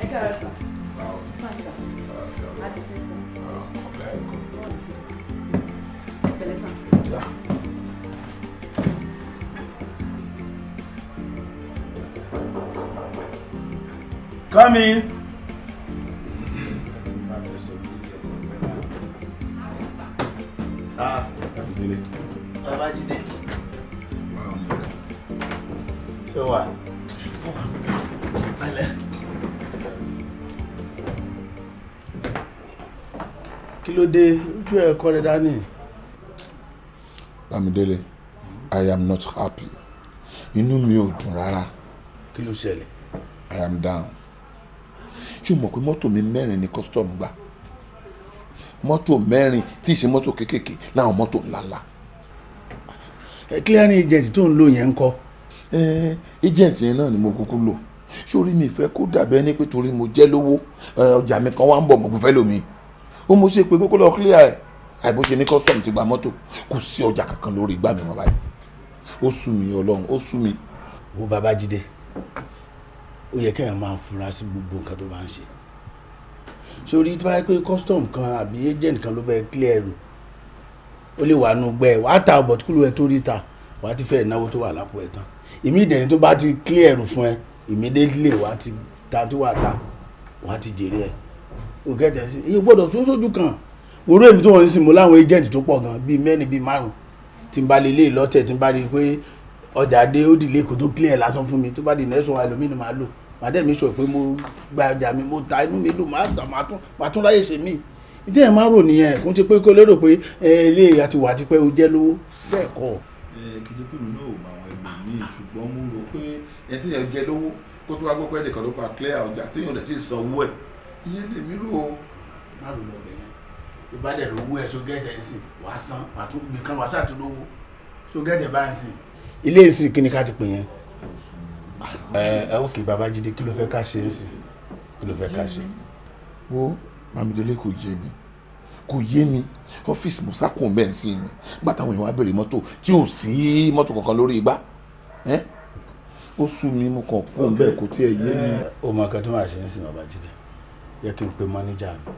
Uh, ah, Come in. Ah, Babájídé. Báwo ni ọ̀rẹ́? kí ló dé ojú ẹ̀ kọ́ rẹ̀ dání. Bámidélé I am not happy inú mi ò dùn rárá. kí ló ṣẹlẹ̀. I am down ṣé o mọ̀ pé mọ́tò mi mẹ́rin ni custom gbà mọ́tò mẹ́rin tí ì ṣe mọ́tò kéékèèké láwọn mọ́tò ńláńlá. clearing agent tó ń lò yẹn ń kọ́. agent yẹn náà ni mo kúkú lò sórí mi fẹ́ kó dàbẹ́ ní pé torí mo jẹ́ lówó ọjà mi kan wá ń bọ̀ mo kò fẹ́ lómi ó mo ṣe pé kókó lọ clear ẹ̀ àìbó ṣe ní custom ti gba mọ́tò kò sí ọjà kankan lórí igbá mi wọn báyìí ó sú mi ọlọ́run ó sú mi. wo Babájídé ó yẹ kẹ́hìn máa fura sí gbogbo nǹkan tó bá ń ṣe sórí tí wọ́n yẹ pé custom kan àbí agent kan ló bẹ́ẹ̀ clear ẹ̀rù ó lè wà nù gbẹ́ wàá ta ọ̀bọ̀ tí kúlù ẹ tó rí ta wàá ti fẹ́ náwó tó wà lápò ẹ̀ tán ìmí ìdẹ̀ni tó bá ti clear ẹ̀rù fún ẹ immediately wàá ti ta tó wà ta wàá ti jèrè ẹ̀ kò gẹ̀tẹ̀ sí èyí gbọ́dọ̀ tó sójú kan orú èmi tó wọ́n ń sìn mo láwọn agent tó pọ̀ gan bíi mẹ́rin bíi márùn tí n bá lè lé lọ́tẹ̀ tí n bá rí i pé ọjà dé ó dìlé kò tó clear lásán fún mi tó bá di nẹ́sùn àlòmínú máa lò màá dẹ̀ mi sọ pé mo gba ọjà mi mo ta inú mi dùn máa tà máa tún máa tún ráyè ṣe mí ìdí ẹ̀ máa rò nìyẹn kò ti pé kó lérò pé ilé àtiwà àti pé o jẹ́ lówó bẹ́ẹ̀ kọ́. ẹ kìí pé mi náà ò bá àwọn ẹlòmíì ṣùgbọ́n mo rò pé ẹ ti yẹn jẹ lówó kó tó wá gbọ́ pé ẹnìkan ló pa clear ọjà tí yóò dẹ̀ ti sanwó ẹ̀ ìyẹn lèmi rò ó má lò lọ bẹ̀ yẹn ìbá dẹ̀ lówó ẹ̀ tó gẹ́tẹ̀ ẹ̀ sìn wàá san pàtó nìkan wàá ṣàtì lówó tó gẹ́tẹ̀ bá ń sìn. ilé ìsìn kí ni ká ti pè yẹn. ẹ ẹ ok Babájídé kí ló fẹ́ ká ṣe é sìn kí ló fẹ́ ká ṣe. wo Mamidele kò yé mi kò yé mi ọ́fíìsì musa kò ń bẹ̀ ń sìn ni nígbà táwọn èèyàn wá béèrè mọ́tò tí ò sí mọ́tò kankan lórí igbá ó sú mi mo kàn kó ń bẹ̀ kó tiẹ̀ yé mi. ó mọ akẹ́tọ́ máa ṣe ń sìn Babájídé yẹ kí n pe mọ́níjà mi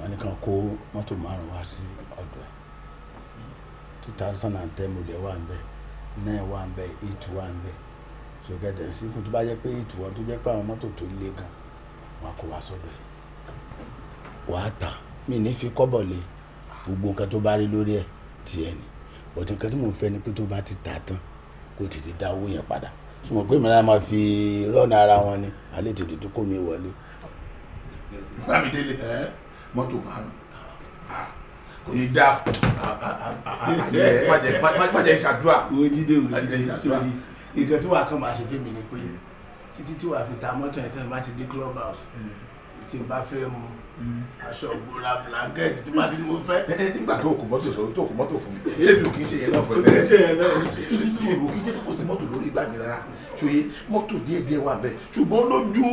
wọ́n ní kàn kó mọ́tò márùn wá sí ọ̀dọ̀ ẹ̀ two thousand and ten model wà ń nine wà ń eight wà ń bẹ̀ so gẹ́gẹ́ sí fún tó bá jẹ́ pé eight wọ́n tó jẹ́ pé àwọn mọ́tò tó le gan wọ́n kó wá sọ́dọ̀ ẹ̀ wàá tà mí ní fi kọ́bọ̀ lé gbogbo nǹkan tó bá rí lórí ẹ̀ tiẹ̀ ni bọ̀dé nǹkan tí mò ń fẹ́ ni pé tó bá ti tà tán kó tètè dá owó yẹn padà sọ ma pé mìíràn máa fi rọ́ọ̀nù ara wọn ni alẹ́ tètè tó kó mi wọlé Bámidélé mọ́tò márùn kò ní dá àyẹ májẹ ìṣàdúrà. owó jíde òun jíde sórí nǹkan tó wà kàn máa ṣe fún mi ni pé títí tí wàá fi ta mọ́tò yẹn tán bá ti dé club house hmm. tí n bá fẹ́ mu aṣọ ògbóra blanket tí màá ti ní mo fẹ́. nígbà tó kò mọ́tò sọ tó kò mọ́tò fún mi ṣé mi ò kì í ṣe yẹn náà fún ẹ bẹ́ẹ̀ ṣe yẹn náà ṣe ìwò kì í ṣe kò sí mọ́tò lórí ìgbà mi rárá ṣòye mọ́tò díẹ̀ díẹ̀ wà bẹ́ẹ̀ ṣùgbọ́n lójú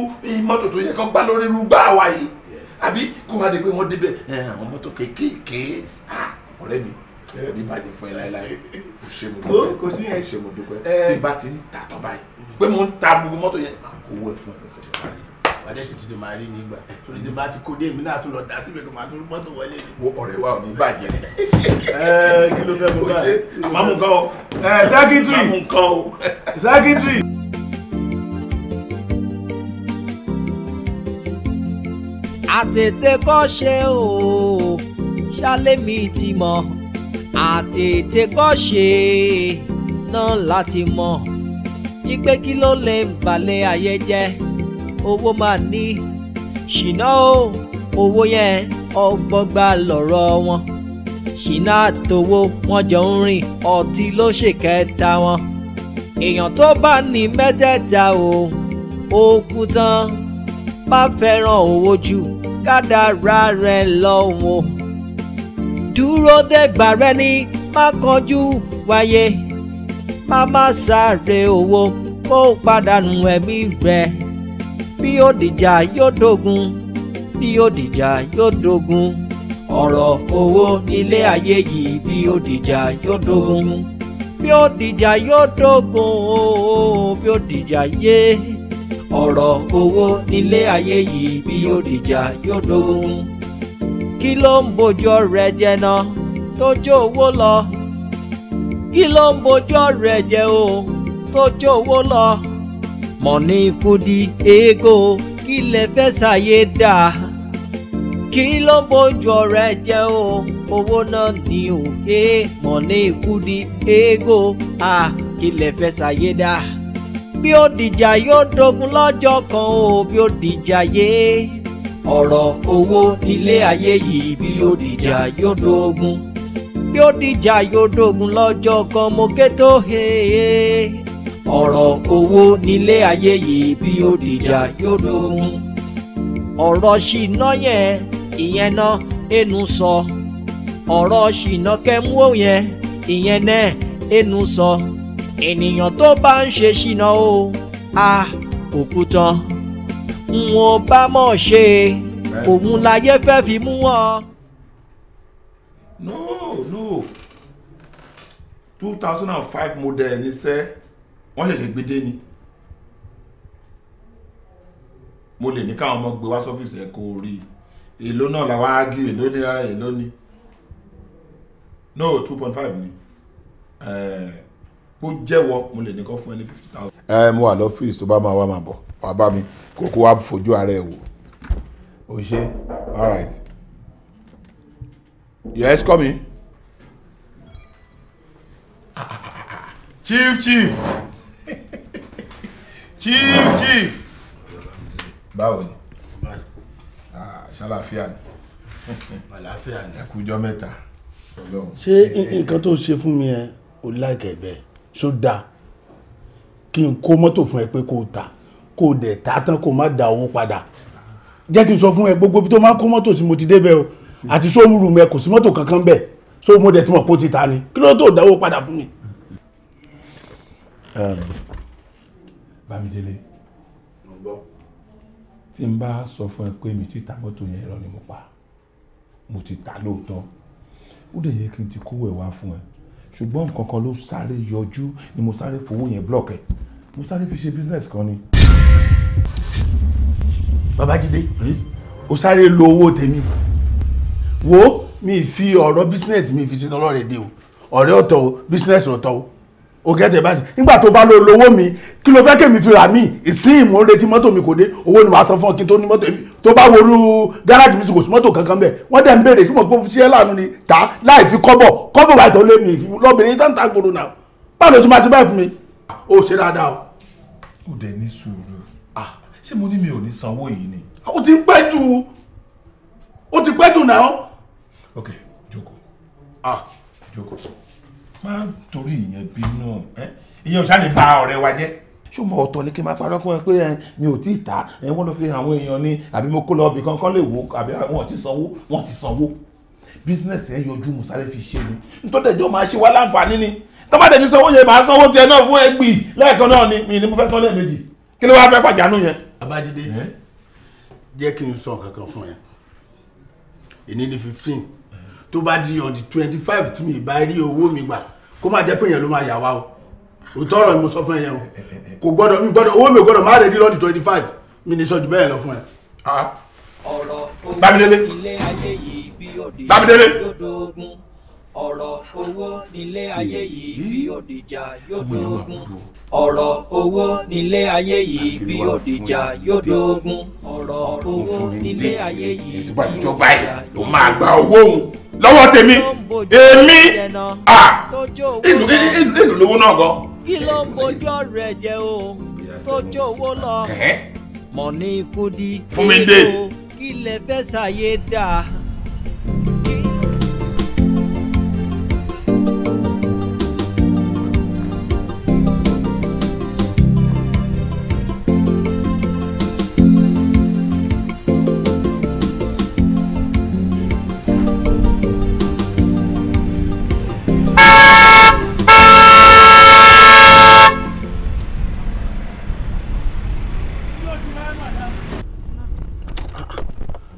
mọ́tò tó yẹ kó gbá lórí irú gbá wa yìí àbí kó má dé pé wọ́n débẹ̀ àwọn mọ́tò kéékèèké ọ̀rẹ́ mi ní bàjẹ́ fún ẹ láéláé kò ṣe mo dúpẹ́ kò ṣe mo dúpẹ́ tí mo ń ta gbogbo mọ́tò yẹn kò wàdé títí lè máa rí mi torí tí bá ti kó dé èmi náà tún lọ dá síbẹ̀ kó máa tún mọ́tò wọlé wo ọ̀rẹ́ wa ò ní bàjẹ́ eh, kí ló fẹ́ mú bá àmàmù kan o eh, sẹ́kítírì àmàmù kan o sẹ́kítírì. àtètè kọ́ ṣe o ṣálẹ̀ mi ti mọ̀ àtètè kọ́ ṣe náà láti mọ̀ yí pé kí ló lè balẹ̀ ayé jẹ́ owó máa ní ṣìnà o owó yẹn ọgbọ́n gbà lọ́rọ̀ wọn ṣìnà àtòwò wọn jọ ń rìn ọtí ló ṣèkẹta wọn èèyàn tó bá ní mẹ́tẹ̀ẹ̀ta o ó kú tán má fẹ́ràn owó jù kádàrá rẹ̀ lọ́wọ́ dúró dẹ́gbà rẹ ní má kánjú wáyé má má sáré owó kó o pàdánù ẹ̀mí rẹ̀ bí ó dìjà yóò dógun bí ó dìjà yóò dógun ọ̀rọ̀ owó nílé ayé yìí bí ó dìjà yóò dógun bí ó dìjà yóò dógun ooo bí ó dìjà yé ọ̀rọ̀ owó nílé ayé yìí bí ó dìjà yóò dógun kí ló ń bójú rẹ jẹ tó jó owó lọ kí ló ń bójú rẹ jẹ o tó jó owó lọ mọ̀ní kudi ego kí lẹ fẹ́ ṣàyé dà kí ló ń bójú ọ̀rẹ́ jẹ́ o owó náà ni o ẹ mọ̀ní kudi ego a kí lẹ fẹ́ ṣàyé dà bí ó dìjà yóò dogun lọ́jọ́ kan o bí ó dìjà yé ọ̀rọ̀ owó nílé ayé yìí bí ó dìjà yóò dogun bí ó dìjà yóò dogun lọ́jọ́ kan mo ké tó he ọ̀rọ̀ owó nílé ayé yìí bí ó dìjà yóò dohun ọ̀rọ̀ ṣìnà yẹn ìyẹn náà ẹnu sọ ọ̀rọ̀ ṣìnà kẹ́mú yẹn ìyẹn náà ẹnu sọ ènìyàn tó bá ń ṣe ṣìnà o a òkú tán n bá mọ̀ ṣe òun láyé fẹ́ fi mú wọn. no no two thousand and five model ní sẹ́ẹ́ wọ́n ṣẹ̀ṣẹ̀ gbé dé ni mo lè ní káwọn ọmọ gbé wá sọ́fíìsì ẹ̀ kó rí i èló náà làwọn á gé ní èló ní ah, no two point five ni kó jẹ́wọ́ mo lè ní kó fún ẹ fifty thousand. ẹ mo wà lọ́fíìsì tó bá máa wá máa bọ̀ wá bá mi kó kó wá fojú ara ẹ wò o ṣe all right your ex coming chief chief. chief chief báwo ni ah, ṣàlàfíà ni àlàáfíà ni ẹ kújọ mẹ́ta. ṣé nǹkan tó ṣe fún mi ẹ ò lágẹ̀ẹ́bẹ̀ ṣó dáa kí n kó mọ́tò fún ẹ pé kó ta kó dẹ̀ ta tán kó má da owó padà jẹ́ kí n sọ fún ẹ gbogbo bí tó máa ń kó mọ́tò sí mo ti débẹ̀ o àti sóòrùn mi kò sí mọ́tò kankan bẹ̀ sóòrùn mo dẹ̀ tún mọ̀ pé ti ta ni kí ló tó dáwó padà fún mi. Um, Bámidélé tí n bá sọ fún ẹ pé mi ti ta mọ́tò yẹn irọ́ ni mo pa mo ti ta lóòótọ́ ó dẹ̀ yẹ kí n ti kówó ẹ̀ wá fún ẹ ṣùgbọ́n nǹkan kan ló sáré yọjú ni mo sáré fowó yẹn block ẹ mo sáré fi ṣe business kan ni. Babájídé o sáré lo owó tèmi wo mi fi ọ̀rọ̀ business mi fi ṣe tọ́lọ́rẹ̀ dé o ọ̀rẹ́ ọ̀tọ̀ o business ọ̀tọ̀ o ògẹ́tẹ̀ bá ṣe nígbà tó bá lọ lówó mi kí ló fẹ́ kémi fi rà mí ìsín ìmọ̀ ń retí mọ́tò mi kò dé owó ni màá san fún ọ kí n tó ní mọ́tò mi tó bá wọlú gáràjì mi sì kò sí mọ́tò kankan bẹ́ẹ̀ wọ́n dẹ̀ ń béèrè tí mo gbọ́ ṣiṣẹ́ láàánú ni tà á láì fi kọ́bọ̀ kọ́bọ̀ bá ìtọ́ lé mi lọ́bìnrin tá ń ta gbòòrò náà báwo ló tún máa ti báyìí fún mi. ó ṣe dáadáa o. ó dẹ̀ ní sùúrù ah, ṣé mo ní mi ò ní sanwó yìí ni. ó ti pẹ́ jù ó ti pẹ́ jù náà. ok jókòó ah Joko má torí ìyẹn bínú ẹ ìyẹn ò sáré bà ọ̀rẹ́ wa jẹ́. ṣùgbọ́n ọ̀tọ̀ ni kí n máa parọ́ kí wọ́n pé mi ò tí ì ta wọ́n lọ fi àwọn èèyàn ni àbí mo kó lọ ibì kan kán lè wò àbí wọ́n ti sanwó wọ́n ti sanwó bísínẹ́sì ẹ̀ yọjú musare fi ṣe ni nítorí ẹjọ́ máa ṣe wá láǹfààní ni tọ́mọdé ti sanwó yẹn máa sanwó tiẹ̀ náà fún ẹgbì lẹ́ẹ̀kan náà ni mi ni mo fẹ́ sanwó lẹ́ẹ̀mejì kí ló wá fẹ́ fàjánù yẹn. Abájídé jẹ́ kí n sọ kankan fún ẹ èyí ni fifteen tó bá di on the twenty five tí mi bá rí owó mi gbà kó má jẹ́ pé èèyàn ló máa yà wá o òótọ́ ọ̀rọ̀ ni mo sọ fún ẹ̀yẹn o eh, eh, eh, kò gbọ́dọ̀ mi gbọ́dọ̀ owó mi gbọ́dọ̀ má rẹ̀ dílọ́ọ̀dì twenty five mi ní sọ́jú bẹ́ẹ̀ lọ fún ẹ. Ah. ọ̀rọ̀ ilé ayé yìí bí yóò dé yóò dógún ọ̀rọ̀ owó nílé ayé yìí bí òdìjà yóò dógún ọ̀rọ̀ owó nílé ayé yìí bí òdìjà yóò dógún ọ̀rọ̀ owó nílé ayé yìí bí òdìjà yóò dógún lọ́wọ́ tèmi èmi à ìlú ìlú lówó náà gan. kí ló ń bójú ọ̀rọ̀ ẹ̀ jẹ́ o tó jó owó lọ mọ̀ ní kudi. fún mi déètì. kí lè fẹ́ ṣàyé dáa.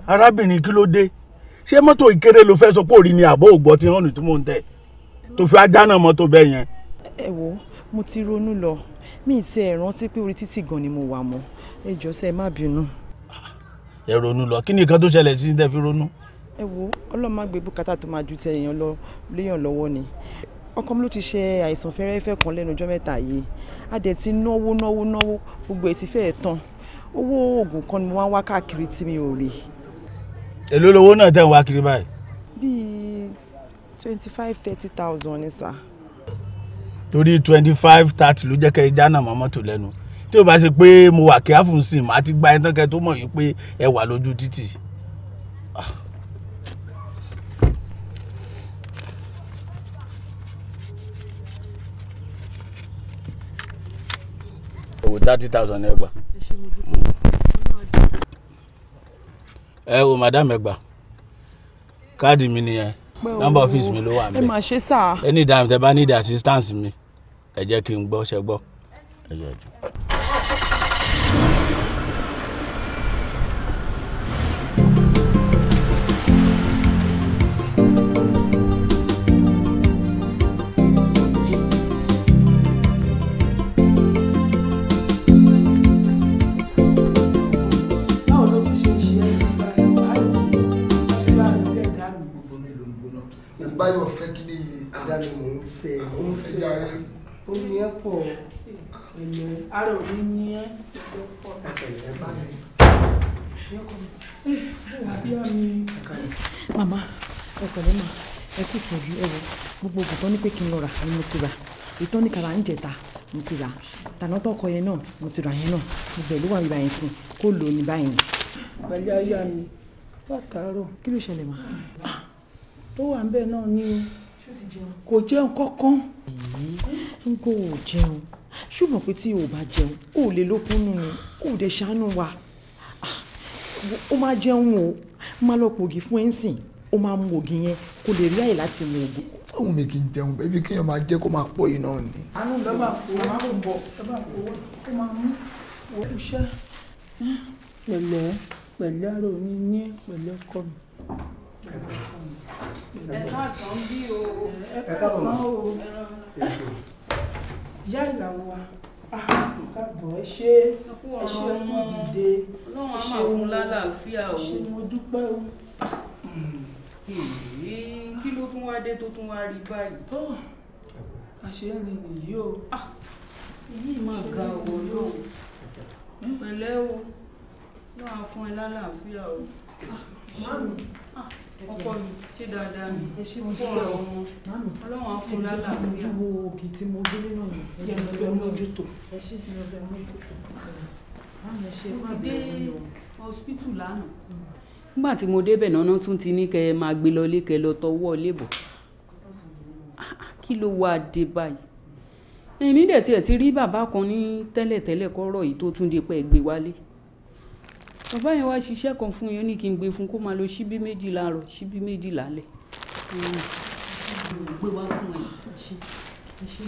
arábìnrin kí ló dé ṣé mọ́tò ìkéré ló fẹ́ sọ pé òrí ni àbó ògbọ́ tí hàn tí mò ń tẹ̀ tó fi ajá náà mọ́tò bẹ́ẹ̀ yẹn. ẹ wo mo ti ronú lọ mi ì ṣe ẹ rántí pé orí títì gan ni mo wà mọ́ ẹ jọ̀ọ́ ṣe má bínú. ẹ ronú lọ kí ni nǹkan tó ṣẹlẹ̀ sí tẹ́ fi ronú. ẹ wo ọlọ́mọ àgbẹ̀ bùkátà tó máa ju tẹ̀yàn lọ léèyàn lọ́wọ́ ni ọkọ mi ló ti ṣe àìsàn fẹ́rẹ́fẹ́ kan lẹ́nu ọjọ́ mẹ́ta yìí a ti náwó náwó náwó gbogbo ẹ̀ ti fẹ́ẹ̀ tán owó oògùn kan ni mo wá wá káàkiri tí mi ò rí èló lowó náà tẹ̀ ń wá kiri báyìí. bíi twenty five thirty thousand ni sà. torí twenty five thirty ló jẹ́ kẹ́ ẹ jáná mọ́ mọ́tò lẹ́nu tí o bá ṣe pé mo wà kí áfùnsìn màá ti gba ẹtàn kẹ tó mọ̀ yìí pé ẹ wà lójú títì. Ah. owó thirty thousand ẹ gbà. ẹ wo madam ẹgbà káàdì mi nìyẹn nọ́mbà ọfíìsì mi ló wà mí. ẹ máa ṣe sáà. anytime tẹ bá need assistance mi ẹ jẹ́ kí n gbọ́ ṣe gbọ́ ẹ yọjú. báyọ̀ fẹ́ kí ni yìí. dáni mò ń fẹ́ mò ń fẹ́ jàre. ó ní ẹ pọ̀ ẹ̀lẹ́ ara ní ní ẹ lọ́pọ̀. ẹ bá mi. màmá ẹ pẹ̀lẹ́ mà ẹ kú ìtọ́jú ẹ wọ gbogbo oògùn ní pé kí n lọ rà ni mo ti rà ìtọ́ ní kàrà ń jẹ̀ta mo ti rà tànà tọkọ yẹn náà mo ti rà yẹn náà gbogbo ẹ̀ wà nígbà yẹn sìn kó lò ó ní báyìí. pẹ̀lú ayé mi látàárọ̀ kí ló ṣẹlẹ̀ mà tó wà ń náà ni kò jẹun kankan. n kò jẹun ṣùgbọ́n pé tí o bá jẹun o lè lókun nù ni o dẹ̀ ṣàánú wa ah, o máa jẹun o máa lọ pògì fún ẹ̀ o máa mu ògì yẹn kò lè rí àyè láti mu ògì òun mi kì í jẹun bẹbí kéèyàn máa jẹ kó máa pọ̀ yìí náà ni. àánú lọ́ba kó máa ń bọ̀ lọ́ba kó kó máa mú owó iṣẹ́ pẹ̀lẹ́ pẹ̀lẹ́ àrò mi ní pẹ̀lẹ́ kọ́ mi ìyá ìyàwó wa àhásùn káàbọ̀ ẹ ṣé ẹ ṣé ọmọ dìde ẹ ṣé ohun lálàáfíà o ṣé mo um dúpẹ́ o e kí ló tún wá dé tó tún wá rí báyìí. tó àṣẹ rìn nìyí o ah, èyí máa ga ọ̀wọ́ náà pẹ̀lẹ́ o náà fún ẹ lálàáfíà o. máàmì Mm. o. hospital lánàá. nígbà tí mo débẹ̀ náà náà tún ti ní kẹ́ ẹ máa gbé lọ ilé kẹ́ lọ tọwọ́ ilé kí ló wá dé báyìí èmi dẹ̀ tiẹ̀ ti rí bàbá kan ní tẹ́lẹ̀tẹ́lẹ̀ kọ́rọ̀ yìí tó tún di pẹ́ gbé wálé bàbá yẹn wá ṣiṣẹ́ kan fún yẹn ní kí n gbé fún kó máa lo ṣíbí méjì láàárọ̀ ṣíbí méjì lálẹ́ gbé wá fún ẹ ṣe ṣé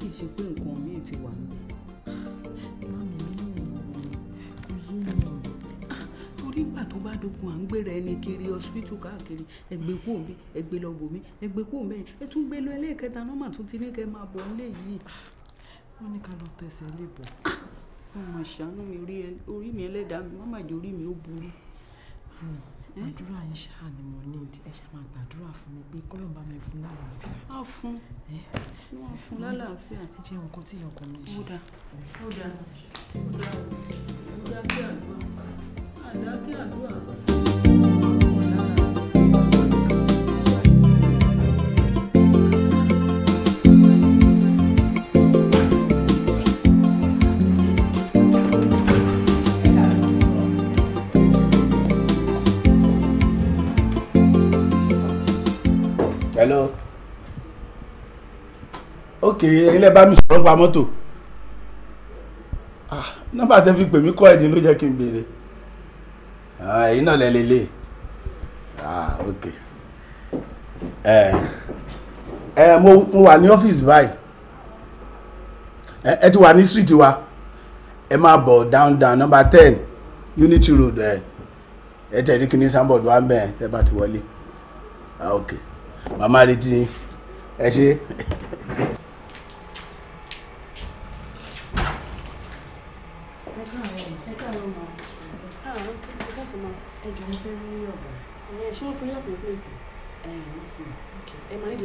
kìí ṣe pé nǹkan míì ti wà níbẹ̀. wá dogun à ń gbéra ẹni kiri hospital káàkiri ẹgbẹ́ kú mi ẹgbẹ́ lọ bò mí ẹgbẹ́ kú mẹ́yìn ẹ tún gbé lọ ẹlẹ́ẹ̀kẹta nọ́mà tún ti ní kẹ́ máa bọ̀ nílé yìí. wọ́n ní ká lọ tẹsẹ̀ lè bọ̀. Ah! wọ́n máa ṣàánú mi orí mi ẹlẹ́dàá mi wọ́n máa jẹ́ orí mi ó burú. àdúrà yín ṣáà ni mo ní ìdí ẹ ṣáà máa gbàdúrà fún mi pé kọ́lọ́n bá mi fún lálàáfíà. á fún wọn fún lálàáfíà. ẹ jẹ́ nǹkan tí ìyọkọ ṣe. ó dáa ó dáa ó dáa ó dáa bí àgbà hello ok ẹ̀yin lẹ bá mi sọ̀rọ̀ pa mọ́tò ah nọ́mbà tẹ́ fi pè mí kọ́ ẹ̀dín ló jẹ́ kí n béèrè. Ah, ẹ̀yin náà lẹ́lẹ́lẹ́ ah ok ẹ ẹ mo mo wà ní ọ́fíìsì báyìí ẹ ti wà ní street wa ẹ máa bọ̀ down down number ten unity road ẹ ẹ tẹ̀lé kí ní sanbọ̀dù wa ń bẹ̀ bá ti wọlé ah ok màmá retí ẹ ṣe.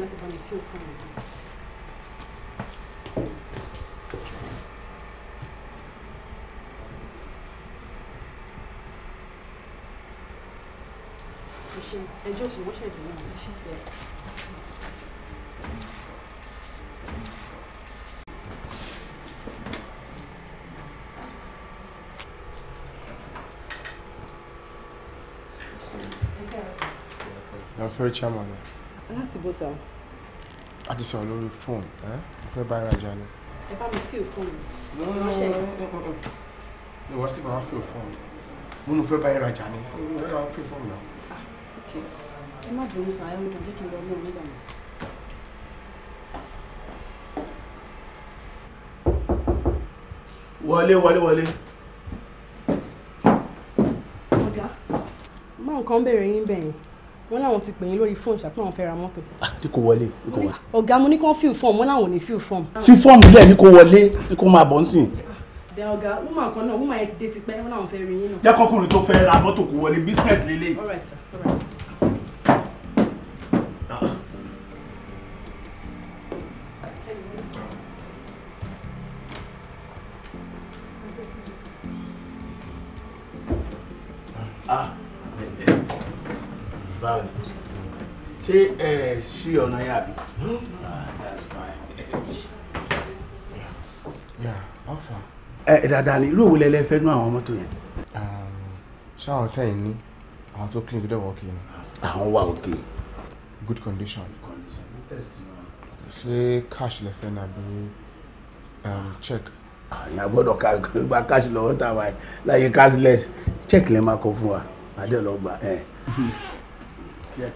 ti bá mi fíl fún mi. ẹjọ́ òsì wọ́n ṣẹ̀dí náà yes. I'm sorry, Chairman. Láti bó sá o a ti sọ̀rọ̀ lórí fóònù ẹ mo fẹ́ bá ara jà ni. ẹ bá mi fíò fóònù. ní wọ́n sì bá wa fíò fóònù mo nù fẹ́ bá ara jà ni sí mo fẹ́ bá wa fíò fóònù náà. Ah, ẹ má bínú sàn ayé ọdún jẹ́ kí n lọ lóun nígbà wọlé wọlé wọlé. ọ̀gá máa ń kàn bèrè yín bẹ̀yìn wọ́n láwọn ti pè yín lórí fóònù ṣàpé àwọn fẹ́ ra mọ́tò. Ah, ní kò wọlé ní kò wọlé. ọ̀gá mo ní kàn fíl fọ́ọ̀mù wọ́n láwọn ò ní fíl fọ́ọ̀mù. fi fọ́ọ̀mù lẹ̀ ní kò wọlé ní kò máa bọ̀ nsìn. dẹ ọ̀gá woman kan náà woman yẹn ti dé tipẹ́ wọ́n láwọn fẹ́ rí yín náà. jẹ́ kọ́kùnrin tó fẹ́ ra mọ́tò kò wọlé business lélẹ̀. all right sir all right ṣé ẹ ṣí ọ̀nà yà bí. ẹ dáadáa ni irú òwe lẹlẹ fẹ́ nú àwọn mọ́tò yẹn. Um, ṣé àwọn tẹ́ ẹ̀ ní àwọn tó clean gbọ́dọ̀ wọ òkè ni. àwọn wà òkè. good condition. ṣé cash lè fẹ́ náà bí um, check. àyàn ah, gbọ́dọ̀ gba cash lọ́wọ́ táwa ẹ̀ láyé cashless check lè máa kọ fún wa adé lọ gbà ẹ̀. Hmm. check.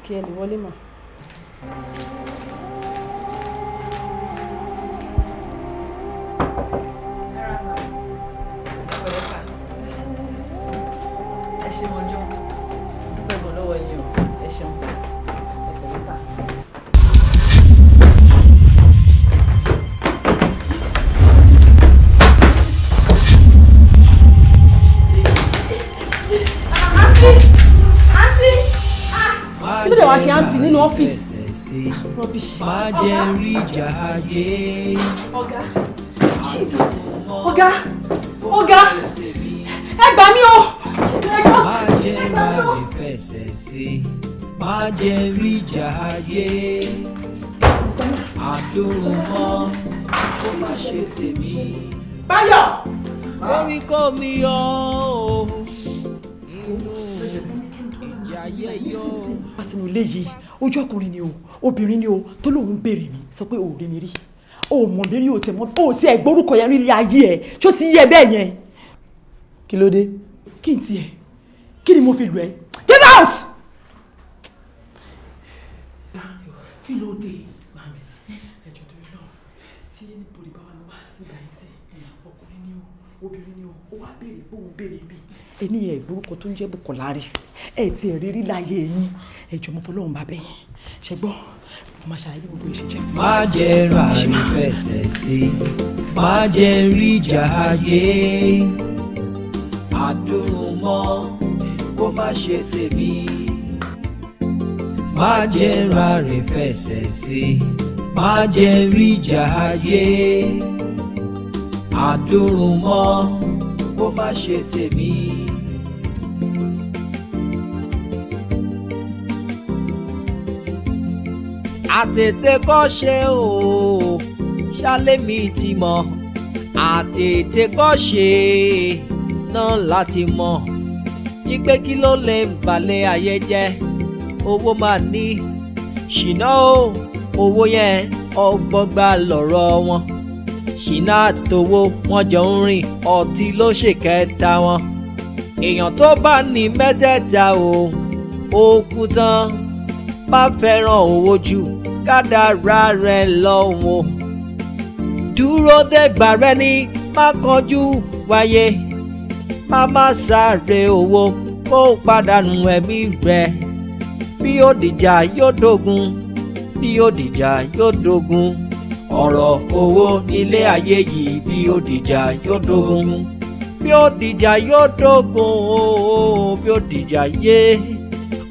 vou wolima. rubbish. má jẹ́ rí ìjà jesus ọ̀gá ọ̀gá ẹ gbà mí o má jẹ́ ra ìfẹsẹ̀ sí yìí ojú ọkùnrin ni o obìnrin ni o tó lóun béèrè mi sọ pé òòrè mi rí o mọ̀ mi rí o tẹ̀ mọ́ o ti ẹ̀ gbórúkọ yẹn rí ayé ẹ̀ tó ti yẹ bẹ́ẹ̀ yẹn. kí ló dé. kí n tiẹ̀ kí ni mo fi lù ẹ́ get out. kí ló dé ẹni ẹ̀ gbórúkọ tó ń jẹ́ Bùkọ́lá rí ẹ ti ẹ̀ rírí láyé yín ẹ jọ mo fọlọ́run bàbá yín ṣẹgbọ́n mo máa ṣàlàyé gbogbo ìṣèjẹ́ fún yín. má jẹ́ ra ìfẹsẹ̀ sí má jẹ́ rí ìjà ajé àdùnmọ́ kó má ṣe tèmi má jẹ́ ra ìfẹsẹ̀ sí má jẹ́ rí ìjà ajé àdùnmọ́ kó má ṣe tèmi. àtètè kọ́ o ṣálẹ̀ mi ti mọ̀ àtètè kọ́ ṣe náà láti mọ̀ wípé kí ló lè balẹ̀ ayé jẹ́ owó máa ní ṣìnà o owó yẹn ọgbọ́n gba lọ́rọ̀ wọn ṣìnà àtòwó wọn jọ ń rìn ọtí ló ṣèkẹta wọn èèyàn tó bá ní mẹ́tẹ̀ẹ̀ta o ó kú tán bá fẹ́ràn owó jù kádàrá rẹ lọ́wọ́ dúró dẹ́gbà rẹ ní má kánjú wáyé má má sáré owó kó o pàdánù ẹ̀mí rẹ bí ó dìjà yóò dógun bí ó dìjà yóò dógun ọ̀rọ̀ owó nílé ayé yìí bí ó dìjà yóò dógun bí ó dìjà yóò dógun o oh, oh, oh, bí ó dìjà yé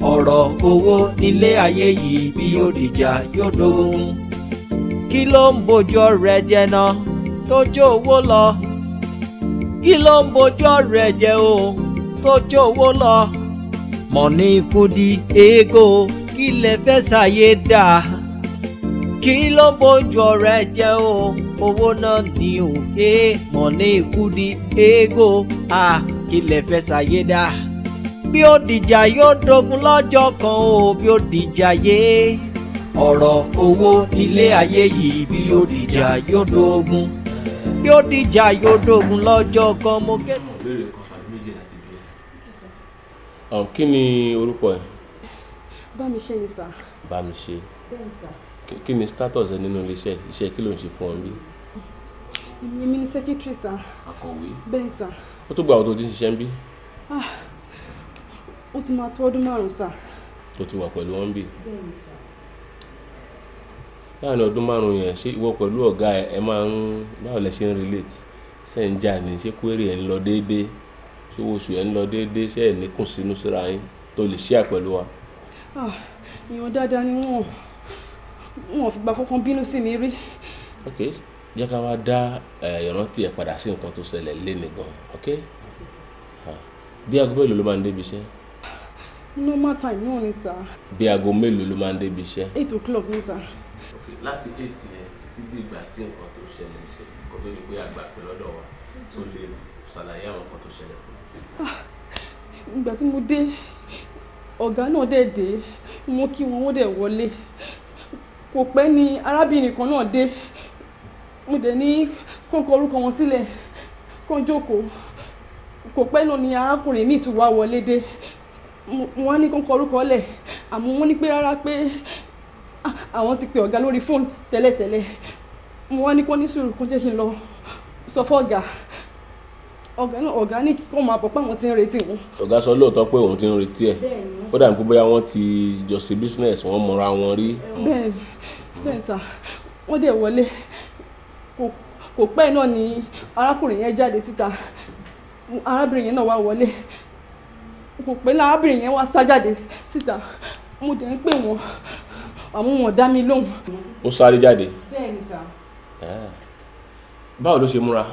ọ̀rọ̀ owó nílé ayé yìí bí ó dìjà yóò dogun kí ló ń bojú ọ̀rẹ́ jẹ náà tó jó owó lọ kí ló ń bojú ọ̀rẹ́ jẹ o tó jó owó lọ mọ̀ní kudi eégó kí lè fẹ́ ṣàyé dà kí ló ń bojú ọ̀rẹ́ jẹ o owó náà ni ò he eh, mọ̀ní kudi eégó a ah, kí lè fẹ́ ṣàyé dà bí ó dìjà yóò dogun lọ́jọ́ kan o bí ó dìjà yé ọ̀rọ̀ owó nílé ayé yìí bí ó dìjà yóò dogun bí ó dìjà yóò dogun lọ́jọ́ kan mo kẹ́nu. kí ni orúkọ ẹ̀. bámiṣe ni sà. bámiṣe. bẹ́ẹ̀ sà. kí ni status ẹ nínú iléeṣẹ́ iṣẹ́ kí ló ń ṣe fún ọ bí. èmi ni secretary sà. akọ̀wé. bẹ́ẹ̀ sà. ó tó gba àwọn tó ti ń ṣiṣẹ́ ń bí ó ti máa tó ọdún márùn-ún sà. o ti wà pẹ̀lú wọn bí. bẹ́ẹ̀ni sà. láàrin ọdún márùn-ún yẹn ṣé ìwọ pẹ̀lú ọ̀gá ẹ ẹ máa ń báwo lẹ ṣe ń relate ṣe ń jà ní ṣé kúrèrè ẹ ń lọ déédéé ṣé oṣù ẹ ń lọ déédéé ṣé ẹ níkùn sínú síra yín tó lè ṣíà pẹ̀lú wa. ìyọ̀n ah, dáadáa ni wọ́n wọn ò fìgbà kankan bínú sí mi rí. ok jẹ́ ká wá dá eh, ìrántí ẹ̀ padà sí nǹkan tó ṣẹlẹ̀ lé nìgan ok ah, bí agbóbẹ̀lò ló máa ń débi iṣẹ́ normal time náà ni sà. bí aago mélòó ló máa ń débi iṣẹ́. eight o'clock ni sà. láti eight yẹn títí dìgbà tí nǹkan tó ṣẹlẹ̀ ṣe kò tó di pé àgbà pé lọ́dọ̀ wa tó lè ṣàlàyé àwọn nǹkan tó ṣẹlẹ̀ fún mi. Ah, ìgbà tí mo dé ọ̀gá náà dẹ̀ dé mo kí wọn wọ́n dẹ̀ wọlé kò pẹ́ ni arábìnrin kan náà dé mo dẹ̀ ní kó kọ orúkọ wọn sílẹ̀ kó jókòó kò pẹ́ náà ni arákùnrin míì tún wá wọlé dé mo wá ní kó kọrúkọ lẹ̀ àmọ́ wọ́n ní pé rárá pé àwọn ti pe ọ̀gá lórí fóònù tẹ́lẹ̀tẹ́lẹ̀ mo wá ní kó ní sùúrù kó jẹ́ kí n lọ sọ fọ́gà ọ̀gá náà ọ̀gá ní kí wọ́n máa bọ̀ pé àwọn ti ń retí wọn. ọ̀gá sọ lóòótọ́ pé òun ti ń retí ẹ̀ ó dàbí pé bóyá wọ́n ti jọ ṣe bísínẹ́sì wọ́n mọra wọn rí. bẹ́ẹ̀ bẹ́ẹ̀ sà wọ́n dẹ̀ wọlé kò pẹ́ náà ni arákùnrin yẹn jáde síta arábìnrin yẹn náà wá wọlé kò pé lárábìnrin yẹn wá sá jáde síta mo dẹ̀ ń pè wọ́n àmọ́ wọn dá mi lóhùn. ó sáré jáde. bẹ́ẹ̀ ni sà. báwo ló ṣe múra.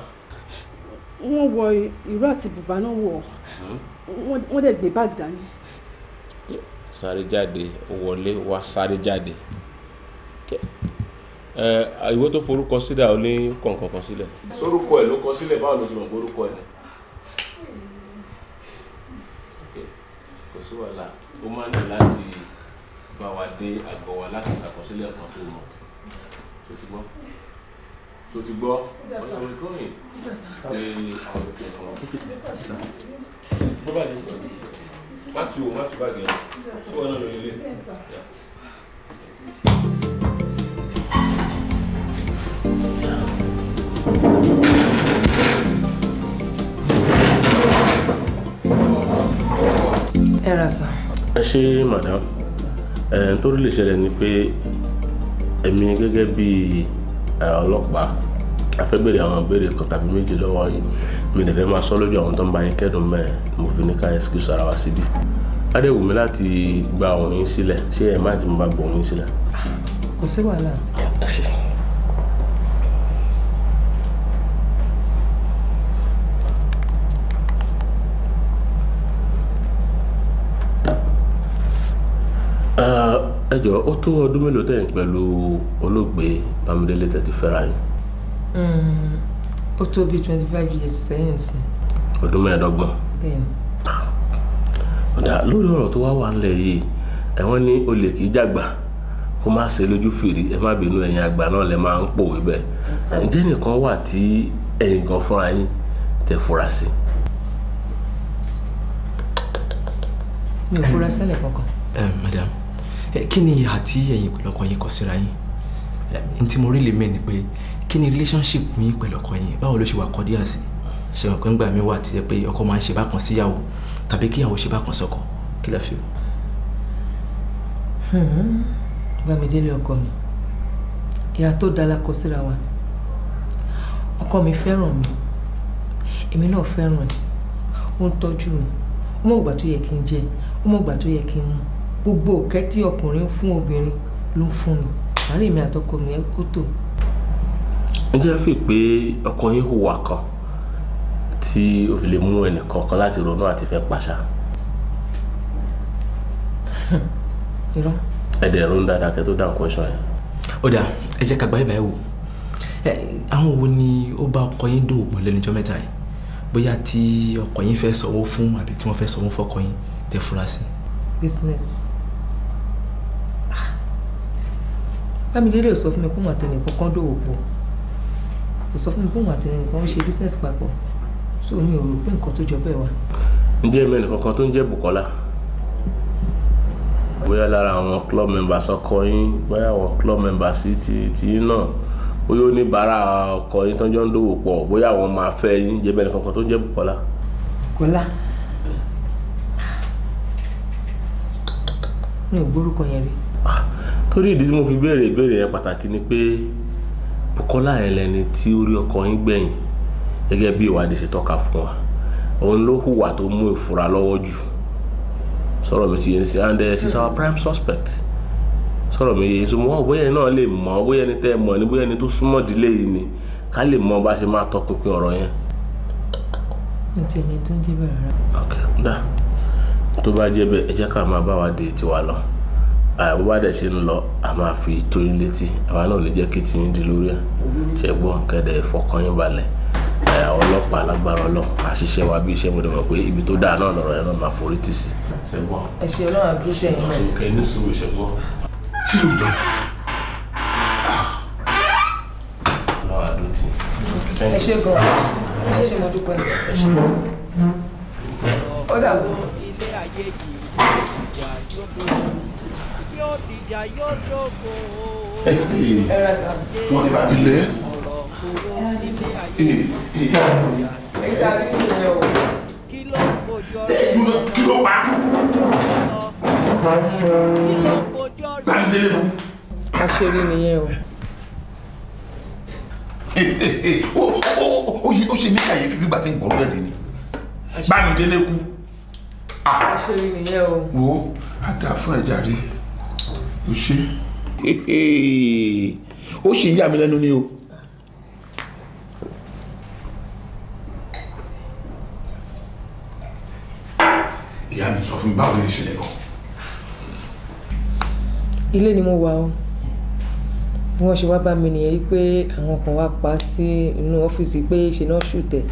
wọ́n wọ ìró àti bùbá náà wọ̀ hmm? wọ́n dẹ̀ gbé báàgì dání. sáré jáde ó wọlé wá sáré jáde ìwé tó forúkọ sílẹ̀ ó ní kọ̀ǹkọ̀ǹkan sílẹ̀. sórúkọ ẹ̀ ló kọ sílẹ̀ báwo ló ṣe mọ̀ pé orúkọ ẹ̀ ni. sí wàhálà ó máa ń lò láti bá wa dé àgọ́ wa láti ṣàkọsílẹ̀ kan tó mọ̀ tó ti gbọ́ tó ti gbọ́ ọ̀nà orí kọ́rin ní àwọn òkè kan bọ́bá ní má tu má bá gẹ̀ẹ́ fún ọ̀nà lórí ilé. ẹ ra sàn. ẹ ṣe madam ẹ nítorí lè ṣẹlẹ̀ ni pé èmi gẹ́gẹ́ bíi ọlọ́pàá a fẹ́ béèrè àwọn béèrè kan tàbí méjì lọ́wọ́ yìí mi lè fẹ́ máa sọ lójú àwọn tó ń bá yín kẹ́dùn mẹ́ẹ̀ mo fi ní ká excuse ara wa síbi adéwùmí láti gba òun yín sílẹ̀ ṣé ẹ̀ máa ti mo bá gbọ́ òun yín sílẹ̀. Ah, kò sí wàhálà. ẹ ṣe. ẹ jọ ó tó ọdún mélòó tẹ̀yìn pẹ̀lú olóògbé bámidélé tẹ̀tí fẹ́ra yín. ó tó bíi twenty five years sẹ́yìn sí. ọdún mẹ́ẹ̀ẹ́dọ́gbọ̀n. ọ̀dà lórí ọ̀rọ̀ tó wá wà ńlẹ̀ yìí ẹ̀wọ́n ní olè kì jàgbà kó má ṣe lójú fèrè ẹ má bínú ẹ̀yin àgbà náà lẹ máa ń fura sí. kí ni ìhà tí ẹ̀yin pẹ̀lú ọkọ yín kọ síra yín n tí mo rí lè mẹ́ ni pé kí ni relationship yín pẹ̀lú ọkọ yín báwo ló ṣe wà kọ́ díà sí ṣe wọn pé ńgbà mi wà tí ẹ pé ọkọ máa ń ṣe bákan síyàwó tàbí kíyàwó ṣe bákan sọ́kọ kí lẹ fi o. Hmm, Bámidélé ọkọ mi ìyá tó dára kọ síra wa ọkọ mi fẹ́ràn mi èmi náà fẹ́ràn ẹ̀ ó ń tọ́jú mi ó mọ̀ ìgbà tó yẹ kí n jẹ ó mọ̀ ìgbà tó yẹ kí n mu gbogbo òkẹ́ tí ọkùnrin ń fún obìnrin ló ń fún mi àárín mi àtọkọ mi ó tò. ǹjẹ́ fi pé ọkọ yín hùwà kan tí o fi lè mú ẹnìkọ̀ọ̀kan láti ronú àti fẹ́ pàṣà. irọ́. ẹ̀dẹ̀ ẹ̀rọ ń dáadáa kẹ́ tó dá nǹkan ṣan ẹ̀. ó dà ẹ jẹ́ ká gba ibà ẹ̀ wò àwọn wo ni ó bá ọkọ yín dòwò pọ̀ lẹ́nujọ́ mẹ́ta yìí bóyá tí ọkọ yín fẹ́ sanwó fún àbí tí wọ́n fẹ́ sanwó fọkọ yín tẹ́ fura sí. business. Bámidélé ò sọ fún mi pé òun àtẹnìkan kan dòwò pọ̀ kò sọ fún mi pé òun àtẹnìkan ń ṣe business papọ̀ so mi ò rò pé nǹkan tó jọ bẹ́ẹ̀ wà. ǹjẹ́ ẹ̀mí ẹnìkan kan tó ń jẹ́ Bùkọ́lá bóyá lára àwọn club members ọkọ yín bóyá àwọn club members ti ti náà bóyá oníbàárà ọkọ yín tó ń jọ ń dòwò pọ̀ bóyá àwọn máa fẹ́ yín ǹjẹ́ ẹ̀mí ẹnìkan kan tó ń jẹ́ Bùkọ́lá. Bùkọ́lá mi ò gbórúkọ yẹn rí. Ah, torí ìdí tí mo fi béèrè ìbéèrè yẹn pàtàkì ni pé Bukola yẹn lẹni tí orí ọkọ yín gbẹ̀yìn gẹ́gẹ́ bí ìwádìí ṣe tọ́ka fún wa òun ló hùwà tó mú ìfura lọ́wọ́ jù sọ̀rọ̀ mi ti yẹn sí and uh, she's our prime suspect sọ̀rọ̀ mi yẹn sọ mọ́ bóyá ẹni náà lè mọ̀ bóyá ẹni tẹ́ ẹ ni bóyá ẹni tó súnmọ́ ìdílé yìí ni ká lè mọ bá ṣe máa tọpinpin ọ̀rọ̀ yẹn. mi ti mi tó ń jẹ́ bẹ̀rẹ̀ rẹ. ok dá tó bá jẹ́ bẹ́ẹ̀ ẹ jẹ́ ká máa bá wa dé tiwa lọ bó bá dẹ̀ ṣe ń lọ a máa fi tó yín létí àwa náà lè jẹ́ kí tiyín di lórí ẹ̀ ṣẹ́gbọ́n kẹ́dẹ̀ fọkàn yín balẹ̀ àwọn ọlọ́pàá alágbára ọlọ́run àṣìṣe wa bí iṣẹ́ mo dẹ̀ mọ̀ pé ibi tó dáa náà lọ́rọ̀ ẹ̀ náà máa forí tì sí. ṣẹ́gbọ́n ẹ ṣe ọlọ́run àdúró sẹ́yìn náà. ọ̀sùn kẹ́ni sùúrù ṣẹ́gbọ́n. kí ló dán. ọlọ́run àdúró tì. gan ẹ ṣe ṣe mo wọ́n ní bàbí lẹ́ kí ló pa gbàndínlẹ́nu. àṣírí nìyẹn o ó ṣe ní kàyéfì gbígbà tí gbọ́rọ̀ ẹ̀dẹ̀ ni báyìí délé kú. àṣírí ah. nìyẹn o. wo a dà fún ẹ̀jà rí o ṣe. O ṣì yà mí lẹ́nu ni o. ìyá mi sọ fún mi báwo ló ń ṣẹlẹ̀ gan. ilé ni mo wà o bí wọ́n ṣe wá bá mi nìyẹn pé àwọn kan wá pa sí inú ọ́fíìsì pé ṣe náà ṣùtẹ̀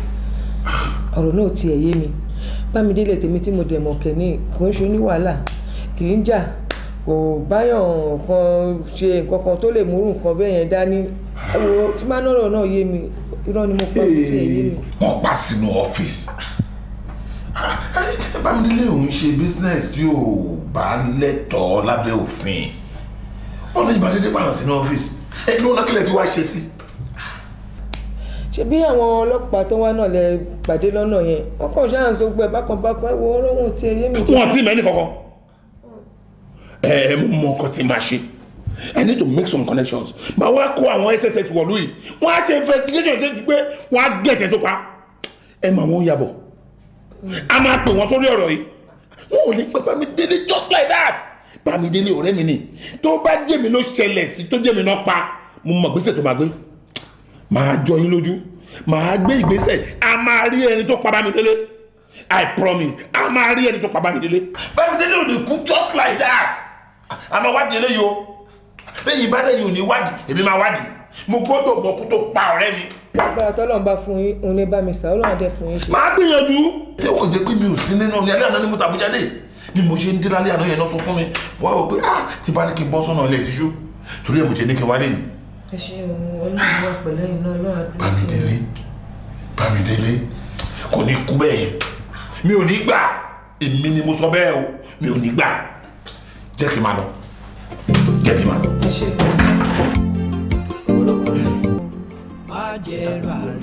ọ̀rọ̀ náà tiẹ̀ yé mi bámidélé tèmi tí mo dẹ̀ mọ̀ kẹ́ ní kò ń ṣe ní wàhálà kì í jà kò báyàn kan ṣe nǹkan kan tó lè múrù nǹkan bẹ́ẹ̀ yẹn dání ẹ̀wọ̀ tí máa nọ̀rọ̀ náà yé mi irọ́ ni mo pa kò tí ì mi. wọ́n pa sínú ọ́fíìsì bámidélé òun ṣe business tí ò bá lẹ́tọ̀ọ́ lábẹ́ òfin ọ̀nà ìbàdédé pààrọ̀ sínú ọ́fíìsì ẹni wọn lákìlẹ̀ tí wàá ṣe sí. ṣe bí àwọn ọlọ́pàá tó wá náà lẹ pàdé lọ́nà yẹn wọ́n kàn ṣáà ń sọ gbẹ bákan bákan ẹ̀wọ̀ ọ̀rọ̀ wọn ti ẹ̀yẹ́ mi. wọn ẹ eh, mo mọ nǹkan tí màá ṣe i need to make some connections màá wá kó àwọn sss wọ̀lú yìí wọ́n á ṣe investigation tó ti pé wọ́n á gẹ̀tẹ̀ tó pa ẹ mà wọ́n yàbọ̀ a máa pè wọ́n sórí ọ̀rọ̀ yìí wọ́n ò lè pẹ́ Bámidélé just like that Bámidélé ọ̀rẹ́ mi ni tó bá jẹ́ mi ló ṣẹlẹ̀ sí tó jẹ́ mi náà pa mo mọ̀ gbèsè tó máa gbé màá jọ yín lójú màá gbé ìgbésẹ̀ a máa rí ẹni tó pa Bámidélé. I promise a máa rí ẹni tó pa Bámidélé. Bámidélé ò lè kú just like that àmọ́ wádìí eléyìí o lẹ́yìn ìbára yìí ò ní wádìí èmi máa wádìí mo gbọ́dọ̀ mọ̀kú tó pa ọ̀rẹ́ mi. agbára tọ́lọ́run bá fún yín òun lè bá mi sá ọlọ́run àdẹ fún yín. máa gbìyànjú. ẹ kò jẹ́ pé mi ò sí nínú ní alẹ́ àná ni mo tàbújá dé bí mo ṣe ń dé lálẹ́ àná yẹn lọ sọ fún mi wá wọ pé ah ti bá ní kí n bọ́ sọ́nà ilé ìtìjú torí ẹ̀ mo ṣe ní kí n wá lè ní. ẹ ṣe òun ọlọ́run wà pẹ̀lú náà ọlọ́run àdúrà Bámidélé Bámidélé kò ní kú bẹ́ẹ̀ mi ò ní gbà èmi ni mo sọ bẹ́ẹ̀ o mi ò ní gbà jẹ́ kí n máa lọ jẹ́ kí n máa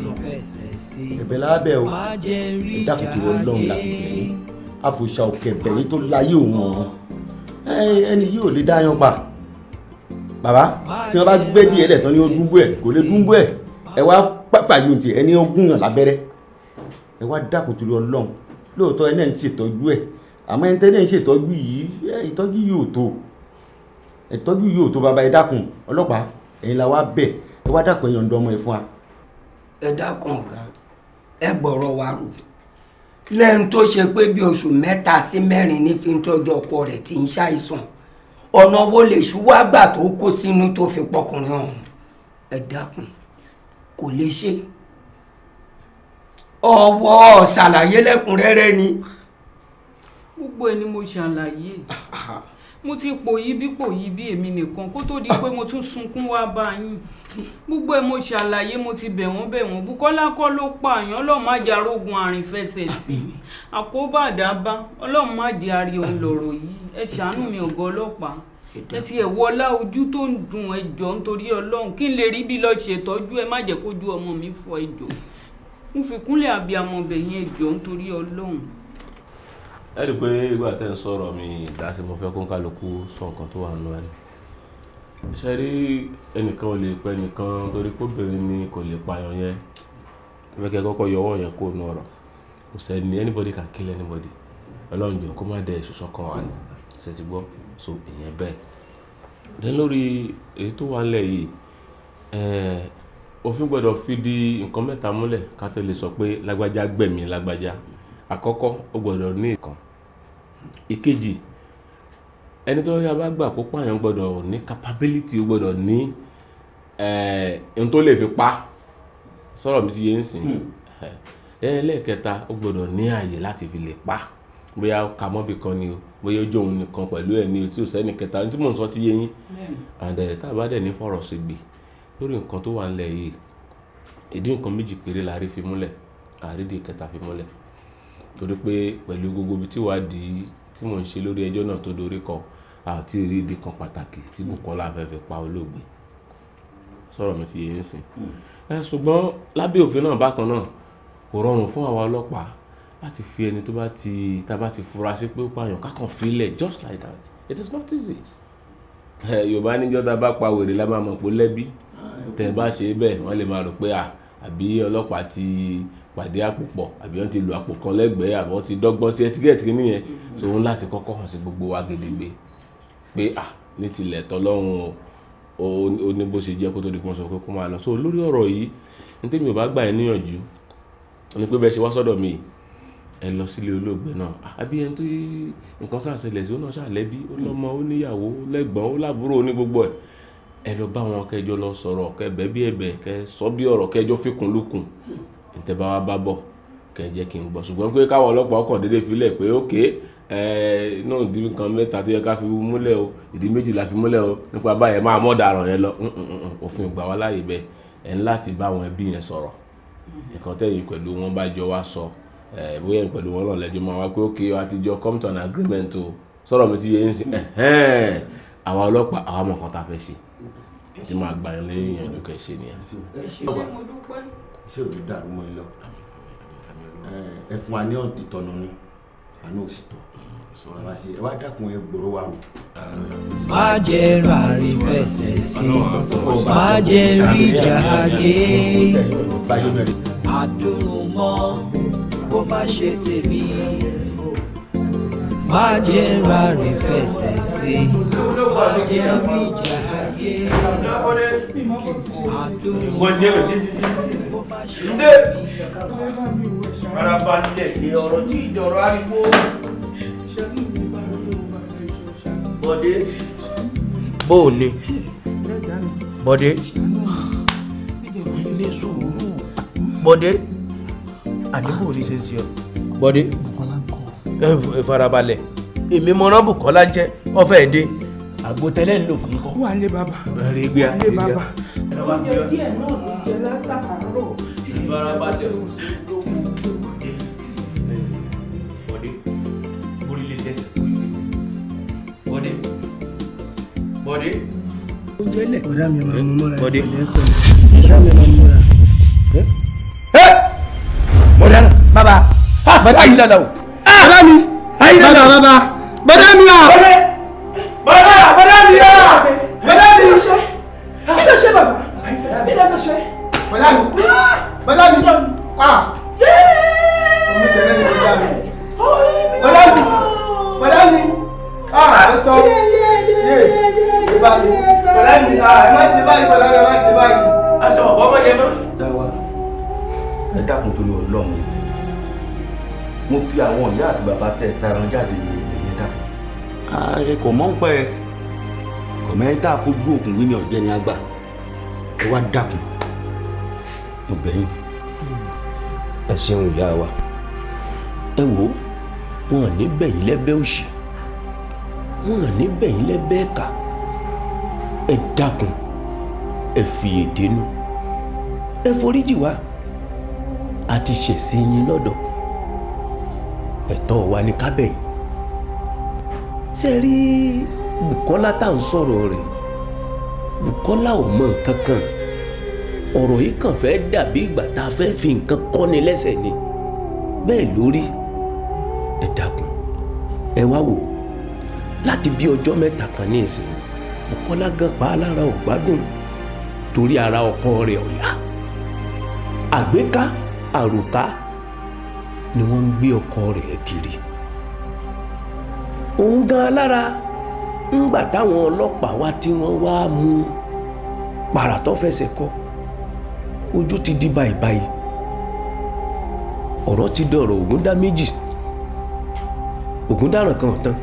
lọ. ẹ̀bẹ̀ lábẹ́ o ìdákùtù ọlọ́run la fi bẹ̀rẹ̀ àfòṣà òkè bẹ̀rẹ̀ tó láyé òun ọ̀run ẹni yìí ò lè dá yan pa bàbá tí wọn bá gbé díẹ̀ lẹ tán ni ó dúnbú ẹ kò lè dúnbú ẹ ẹ wá fàyè tiẹ ẹni ó gùn yàn lábẹ́rẹ́ ẹ wá dákùtù ọlọ́run lóòótọ́ ẹ náà ń ṣètọ́jú ẹ̀ àmọ́ ẹni tẹ́lẹ̀ ń ṣètọ́jú yìí ìtọ́jú yìí ò tó ìtọ́jú yìí ò tó bàbá ẹ dákun ọlọ́pàá ẹ̀yin la wá bẹ̀ ẹ wá dákun ẹ̀yàn ọ̀dọ́ ọmọ ẹ fún wa. ẹ dákun ọ̀gá ẹ gbọ́rọ̀ wa rò lẹ́yìn tó ṣe pé bí oṣù mẹ́ta sí mẹ́rin ní fi ń tọ́jú ọkọ rẹ̀ tí ń ṣàìsàn ọ̀nà wo lè ṣúwá gbà tó kó sínú tó fi pọkùnrin ọ̀hún ẹ dákun kò lè ṣe ọwọ́ ṣàlàyé lẹ́kùnrẹ́rẹ́ ni. gbogbo ẹ ni mo ṣàlàyé mo ti pò yí bí pò yí bí èmi nìkan kó tó di pé mo tún sunkún wá bá yín gbogbo ẹ mo ṣàlàyé mo ti bẹ̀ wọ́n bẹ̀ wọ́n Bùkọ́lá kọ́ ló pààyàn Ọlọ́run má jẹ́ arógun àrìn fẹsẹ̀ sí àkóbá àdábá Ọlọ́run má jẹ́ ari òun lọ̀rọ̀ yìí ẹ ṣàánú mi ọ̀gá ọlọ́pàá ẹ ti ẹ̀ wọlá ojú tó ń dùn ẹjọ́ nítorí Ọlọ́run kí n lè rí bí lọ́ọ́ ṣètọ́jú ẹ má jẹ́ kójú ọmọ mi fọ́ ẹjọ́ n fi kúnlẹ̀ abiyamọ bẹ̀ yẹn jọ nítorí ọlọ́run. ẹ rí i pé ìgbà tẹ́ ń sọ̀rọ̀ mi ìdásí mo fẹ́ kó ń kálukú sọ nǹkan tó wà nù ẹ́ ṣe rí ẹnìkan ò lè pẹ́ nìkan torí kóbìnrin ni kò lè payàn yẹn fẹ́kẹ́ kọ́kọ́ yọ ọwọ́ yẹn kó nu ọ̀rọ̀ kò sẹ́ni anybody can kill anybody ọlọ́run jọ kó má dẹ ìṣòṣọ́ kan wà ní ṣe ti gbọ́ so ìyẹn bẹ́ẹ̀ lórí èyí tó wà ń lẹ̀ yìí òfin gbọ́dọ̀ fi di nǹkan mẹ́ta múlẹ̀ ká tó lè sọ pé lágbájá gbẹ̀mí lágbájá àkọ́kọ́ ó gbọ́dọ̀ ní ìkan ìkejì ẹni tó yá bá gbà kó pààyàn gbọ́dọ̀ ní capability ó gbọ́dọ̀ ní ohun tó lè fi pa sọ̀rọ̀ mi ti yé ń sìn hmm. ẹlẹ́ẹ̀kẹta ó gbọ́dọ̀ ní àyè láti fi lè pa bóyá ka kan ni o bóyá ojú òun nìkan pẹ̀lú ẹ̀ ni o tí ò sẹ́ni kẹta ní tí mò ń sọ ti yé yín and tá a bá dẹ̀ ní fọ̀rọ̀ sí gbè lórí nǹkan tó wà nílẹ̀ yìí ìdí nǹkan méjì péré la rí fi múlẹ̀ àrídì kẹta fi múlẹ̀ torí pé pẹ̀lú gbogbo ibi tí wàá di tí mò ń ṣe lórí ẹjọ́ náà tó dorí kọ àti rí ibi kan pàtàkì tí Bùkọ́lá fẹ́ fi pa olóògbé sọ̀rọ̀ mi ti yé ń sìn hmm. ẹ ṣùgbọ́n lábẹ́ òfin náà bákan náà kò rọrùn fún àwa ọlọ́pàá láti fi ẹni tó bá ti tá a bá ti fura sí pé ó pààyàn kákan filẹ̀ just like that it is not easy yorùbá níjọ́ tá a bá pa wèrè la máa pé lẹ́bí tẹ́ ẹ bá ṣe bẹ́ẹ̀ wọ́n lè máa rò pé àbí ọlọ́pàá ti pàdé àpò pọ̀ àbí wọ́n ti lu àpò kan lẹ́gbẹ̀ẹ́ àbí wọ́n ti dọ́gbọ́n sí ẹtíkẹ́ẹ̀tì kìíní yẹn tó ń láti kọ́kọ́ hàn sí gbogbo wa gedegbe pé à ní tilẹ̀ tọ́lọ́run o ó ní bó ṣe jẹ́ kó tó di kún sọ pé kó máa lọ so lórí ọ̀rọ̀ yìí ní tèmi ò bá gbà yín níyànjú ni pé bẹ́ẹ̀ ṣe wá sọ́dọ̀ mi ẹ lọ sílé olóògbé náà àbí ẹni tí nǹkan sáà ṣẹlẹ̀ sí ó náà ṣàlẹ́bí ó lọ́mọ ó níyàwó lẹ́gbọ̀n ó lábúrò ẹ lọ bá wọn kẹjọ lọ sọ̀rọ̀ kẹ bẹ̀ bí ẹ̀bẹ̀ kẹ sọ bí ọ̀rọ̀ kẹjọ fikùn lukùn ntẹ̀bá wa bá bọ̀ kẹ jẹ́ kí n gbọ́ ṣùgbọ́n pé káwọn ọlọ́pàá ọkọ̀ déédéé filẹ̀ pé ókè ẹ náà ìdí nǹkan mẹ́ta tó yẹ ká fi múlẹ̀ o ìdí méjì fi múlẹ̀ o nípa báyẹn máa mọ́ ọ̀daràn yẹn lọ mm, mm, mm, òfin ìgbà wa láàyè bẹ́ẹ̀ ẹ̀ ń láti bá àwọn ẹbí yẹn sọ̀rọ̀ nǹkan tẹ̀yìn pẹ̀lú wọn bá jọ wá sọ bóyá ẹ̀ pẹ̀lú wọn náà lẹ́jọ́ máa wá pé ókè àtijọ́ come to an agreement o sọ̀rọ̀ mi ti yẹ ń sìn ẹ̀hẹ́n àwa ọlọ́pàá àwa mọ̀ kan fẹ́ ṣe tí máa gba ilé ìyànjú kẹ ṣe nìyẹn. iṣẹ́ òní dàrú mọ́ ilé ẹ fún wa ní ìtọ́nà ni àánú òsìtọ́ ẹ wá dákun ẹ gbòòrò wa rò. má jẹ́ rárí fẹsẹ̀ sí má jẹ́ rí jàdé àdùnmọ́ kó má ṣe tèmi má jẹ́ rárí fẹsẹ̀ sí i má jẹ́ rí ìjà ayé àdúgbò ndé arabalẹ̀ ni ọ̀rọ̀ tí ìjọ̀rọ̀ ariwo bọ̀dé bóòní bọ̀dé bọ̀dé àdúgbò ní sẹ́ńsì ọ bọ̀dé ẹ farabalẹ̀ èmi mọ̀nà Bùkọ́lá jẹ́ ọ̀fẹ́ èdè àgbo tẹ́lẹ̀ ń lò fún kọ́. wà á lé bàbá wà á lé bàbá. oúnjẹ díẹ̀ náà ló jẹ látàárọ̀. ìfarabalẹ̀ ò sí lóhùn ọ̀dẹ́ ọ̀dẹ́ orílẹ̀ tẹ̀sán ọ̀dẹ́ ọ̀dẹ́. oúnjẹ lẹ̀. bọ̀dá mi máa mú mọ́ra ọ̀dẹ́ bọ̀dá mi máa mú mọ́ra. bọ̀dá bàbá bàbá ah! yìí lọ́la o mi bàdà bàdà bàdà mi à. bàdà bàdà mi à bàdà mi. kí ló ṣe bàbá kí ló ṣe. bàdà mi bàdà mi. fi àwọn ìyá àti bàbá tẹ taran jáde ní ìgbẹ̀yìn dàpọ̀. ààrẹ kò mọ̀ ń pẹ́ ẹ kọ̀mẹ́rin tá a fojú òkun wí ní ọ̀jẹ́ ni a gbà ẹ wá dákun mo bẹ̀yìn. ẹ ṣeun ìyá wa ẹ wò ó wọn ò ní bẹ̀yìn lẹ́bẹ́ òṣì wọn ní bẹ̀yìn lẹ́bẹ́ ẹ̀ka ẹ dákun ẹ fi èdè nù ẹ foríjì wá a ṣẹ̀sìn yín lọ́dọ̀ọ́ ẹ̀tọ́ wa ní kábẹ̀yìn ṣe rí Bùkọ́lá tá à ń sọ̀rọ̀ rẹ̀ Bùkọ́lá ò mọ nǹkan kan ọ̀rọ̀ yìí kàn fẹ́ dàbí ìgbà tá a fẹ́ fi nǹkan kọ́ni lẹ́sẹ̀ ni bẹ́ẹ̀ lórí ẹ dákun ẹ wá wò láti bí ọjọ́ mẹ́ta kan ní ìsìn Bùkọ́lá gan pa á lára ò gbádùn torí ara ọkọ rẹ̀ ọ̀yá àgbéká àròká ni wọ́n ń gbé ọkọ rẹ̀ kiri òun gan alára ńgbà táwọn ọlọ́pàá wá tí wọ́n wá mú para tó fẹsẹ̀ kọ ojú ti di báyìí ọ̀rọ̀ ti dọ̀rọ̀ ògùn dá méjì ògùn dáràn kan tán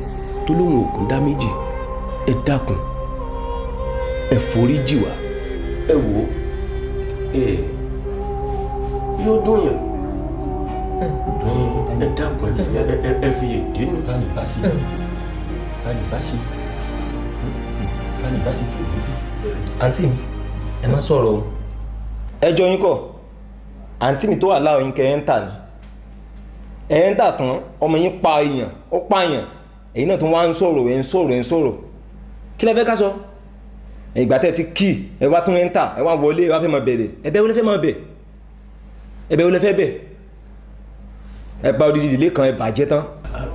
tó lóun ògùn dá méjì ẹ dákun ẹ forí jì ẹ wò ó yóò dùn yàn ẹ dàgbọ́n sí ẹ fi èdè nù. ká lè bá sí ká lè bá sí ká lè bá sí tí o lè bí. àǹtí mi ẹ má sọ̀rọ̀ o. ẹjọ́ yín kọ̀ àǹtí mi tó wà láwọn yín kẹ́ ẹ̀ ń tà ní ẹ̀ ń tà tán ọmọ yín pa èèyàn ó pààyàn èyí náà tún wá ń sọ̀rọ̀ ẹ̀ ń sọ̀rọ̀ ẹ̀ ń sọ̀rọ̀ kí lẹ fẹ́ ká sọ ìgbà tẹ́ ti kí ẹ wá tún ẹ̀ ń tà ẹ wá wọlé ẹ wá fẹ́ máa bẹ̀rẹ̀ ẹ̀bẹ̀ wo lẹ fẹ́ máa bẹ̀ ẹ̀bẹ̀ wo lẹ fẹ́ bẹ̀ ẹ pa odidi ìdílé kan ẹ bàjẹ́ tán.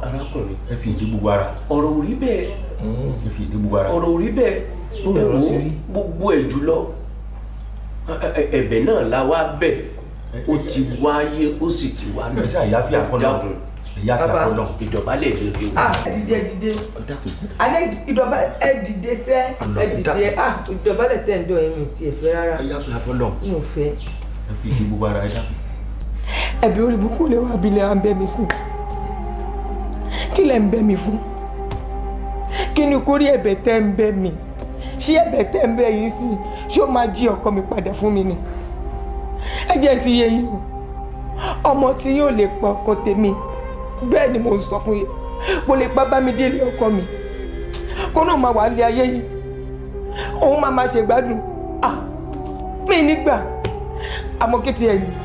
arákùnrin ẹ fi ìdí gbogbo ara. ọ̀rọ̀ ò rí bẹ́ẹ̀. Hmm, ẹ fi ìdí gbogbo ara. ọ̀rọ̀ ò rí bẹ́ẹ̀ ẹ wo gbogbo ẹ̀ jùlọ ẹ̀bẹ̀ náà la wá bẹ̀ ó ti wáyé ó sì ti wá nù. ẹ̀sà ìyáfi àfọ́nà ìyáfi àfọ́nà. ìdọ̀bálẹ̀ lè rí o. dídé dídé alẹ́ ìdọ̀bálẹ̀ Ah, dìde sẹ́ ẹ dìde ah, ìdọ̀bálẹ̀ tẹ̀ ń dọ̀ ẹ̀mí tiẹ̀ fẹ́ rárá. ìyáfi àfọ́nà. mi ò fẹ́. ẹ fi ìdí gbogbo ara ẹ dákun ẹ̀bẹ̀ olùbùkù lè wá abilẹ̀ à ń bẹ̀ mí sí kí lẹ̀ ń bẹ̀ mí fún kí ni kórí ẹ̀bẹ̀ tẹ́ ń bẹ̀ mí ṣé ẹ̀bẹ̀ tẹ́ ń bẹ̀ yìí sí ṣé ó máa jí ọkọ mi padà fún mi ni ẹ jẹ́ fi yé yín o ọmọ tí yóò lè pa ọkọ tèmi bẹ́ẹ̀ ni mo ń sọ fún yín kò lè pa bá mi délé ọkọ mi kó náà máa wà á lé ayé yìí òun máa máa ṣègbádùn ah mi nígbà àmọ́ kí tiẹ̀ yìí.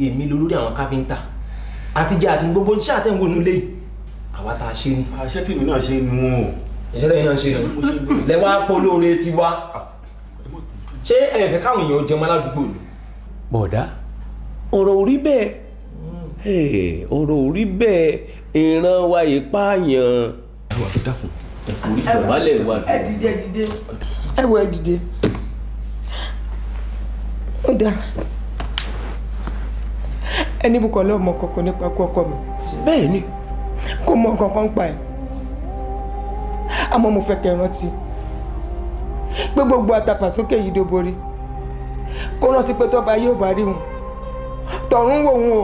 èmi lolórí àwọn káfíńtà àtijọ́ àti gbogbo iṣẹ́ àtẹ̀wò inú lé àwa tá a ṣe ni. àṣẹ tèmi náà ṣe nu o. iṣẹ́ tèmi náà ṣe nu lẹ́wọ́ apolóore ti wá ah, ṣé ẹ fẹ́ káwọn èèyàn jẹun aládùúgbò ni. bọ̀dá ọ̀rọ̀ orí bẹ́ẹ̀ hmm. ọ̀rọ̀ orí bẹ́ẹ̀ ìran wa ìpààyàn. ẹ wà dákun ẹ forí ìbálẹ̀ wà. ẹ dìde ẹ dìde. ó dáa ẹni bùkọ́ lọ́mọ kankan nípa kú ọkọ mi bẹ́ẹ̀ ni kò mọ kankan pa ẹ̀ àmọ́ mo fẹ́ kẹ́ rántí pé gbogbo àtàfàsókè yìí dóborí kó rántí pé tọ́ba yóò bá rí wọn tọ̀run wò wọn o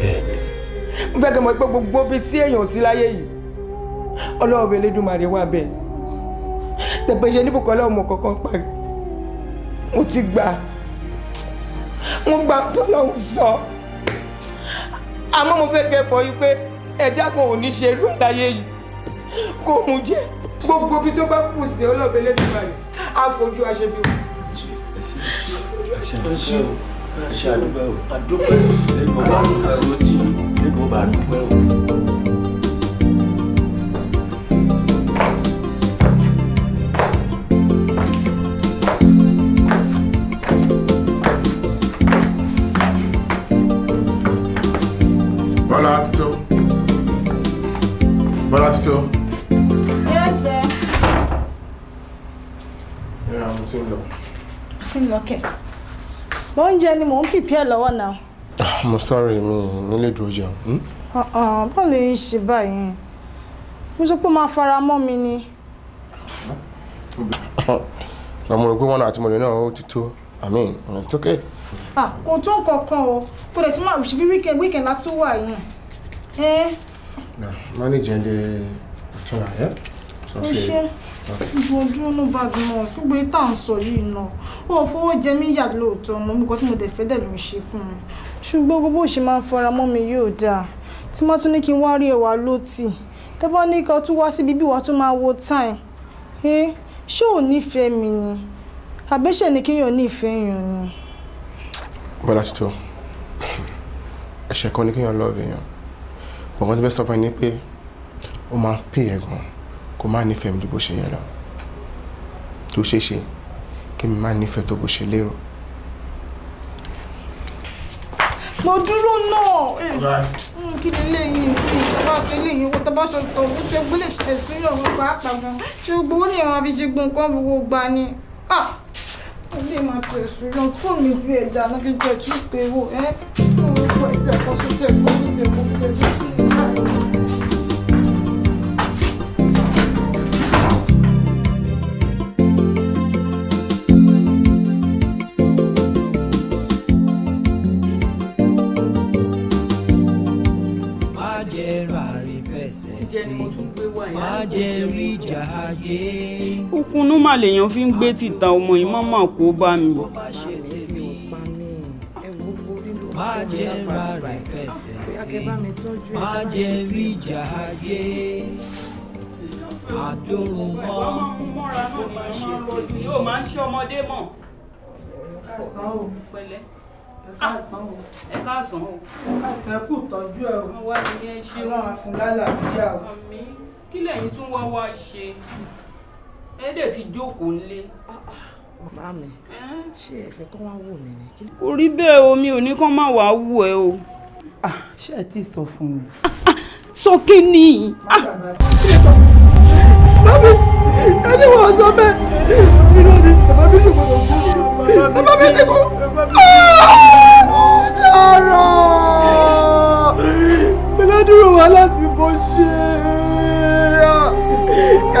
bẹ́ẹ̀ni. mo fẹ́ kẹ́ mọ̀ pé gbogbo ibi tí èèyàn sí láyé yìí ọlọ́run mi Elédùmarè wà bẹ́ẹ̀ tẹ̀pẹ̀ṣẹ̀ níbùkọ́ ọlọ́run mọ̀ kankan parí mo ti gbà mo gbà lọ́hùn sọ. So àmọ́ mo fẹ́ kẹ́ bọ̀ yí pé ẹ̀dá kan ò ní ṣe irú ẹ̀ yìí kó mu jẹ́ gbogbo ibi tó bá kù sí ọlọ́bẹ̀ lẹ́dùnmá yìí àfojú aṣebi wò. ṣe àdúgbò àdúgbò ẹ̀ bọ̀ bá àròtì ẹ̀ bọ̀ bá àdúgbò ẹ̀ so. Yes, there. Yeah, I'm too low. I'm too okay. Mo ń jẹ ni mo ń prepare lọ́wọ́ now. I'm sorry mi mi lè dúró jẹun. Ah, lè ń ṣe báyìí. Mo sọ pé máa fara mọ́ mi ni. Ah, mo rò pé wọ́n àti mọ̀lẹ́ náà ó ti tó. I mean, it's okay. Ah, kò tó nǹkan kan o. Kò dẹ̀ tí máa ṣe bí weekend weekend láti wà yìí. Eh? Now, manage and the return, yeah? So say. Ìwọ dúró ní báàgì náà, gbogbo yìí tá yìí náà. Ó fowó jẹ mí yà lóòótọ́ náà, mo kọ́ tí mo dẹ̀ fẹ́ dẹ̀ ló ń ṣe fún mi. Ṣùgbọ́n gbogbo òṣè máa ń fara mọ́ mi yóò dáa. Tí má tún ní kí n wá rí ẹwà lótì. Tẹ́bọ́ ní kan tún wá síbi bí wàá tún máa wo time. Ẹ eh? ṣé ò nífẹ̀ẹ́ mi ni? Àbẹ́ṣẹ̀ ni kéèyàn nífẹ̀ẹ́ yàn ni. Bọ́lá ti ẹ̀ṣẹ̀ kan ni kéèyàn lọ́ọ̀bù èèyàn bọ̀gán tó fẹ́ sọ fún ẹ ní pé ó máa pè ẹ́ gan kó má nífẹ̀ẹ́ mi ju bó ṣe yẹ lọ tó ṣeé ṣe kí mi má nífẹ̀ẹ́ tó bó ṣe lérò. mo dúró náà hmm, kí ni lẹ́yìn sí bá ṣe lẹ́yìn owó tá bá ṣe tọ̀ owó tí ẹgbẹ́ lè tẹ̀sùn yọ̀ mí pàápàá gan ṣùgbọ́n ó ní àwọn afiṣègùn kan gbogbo gbà ni ah! ilé máa tẹ̀sùn yọ̀ fún mi ti ẹ̀dá lọ́fi jẹ́ tún pé wò ẹ́ mo rò pé ẹ̀jẹ̀ kan tó jẹ́ kó tó jẹ́ kó tó jẹ́ fún mi. má jẹ́ rí ìjà ajé. òkunnú mà lèèyàn fi ń gbé tìta ọmọ yìí má kó bá mi. má jẹ́ rárá fẹsẹ̀ sí má jẹ́ rí ìjà ajé àdúró mọ́. ọmọ mọ́ra náà ni mo máa ń rojú yóò máa ń ṣe ọmọdé ẹ káàsán o ẹ kú tọ́jú ẹ o wọ́n wá ní ẹ ṣe wọ́n á fún o kí lẹ́yìn tún wá wá ṣe ẹ̀ẹ́dẹ̀ ti jókòó nílé. màmá ah, ah, mi ṣé ẹ fẹ́ kán wá wò mí ni. kò rí bẹ́ẹ̀ o mi ò ní kán má wàá wò ẹ o. Ah, ṣé ẹ ti sọ fún mi. sọ kí ni. bábí ẹni wọ́n sọ bẹ́ẹ̀ irọ́ ni bàbá mi sì gbọ́dọ̀ kú bàbá mi sì kú. ọ̀daràn pẹ̀lú àdúrà wa láti bọ́ ṣe é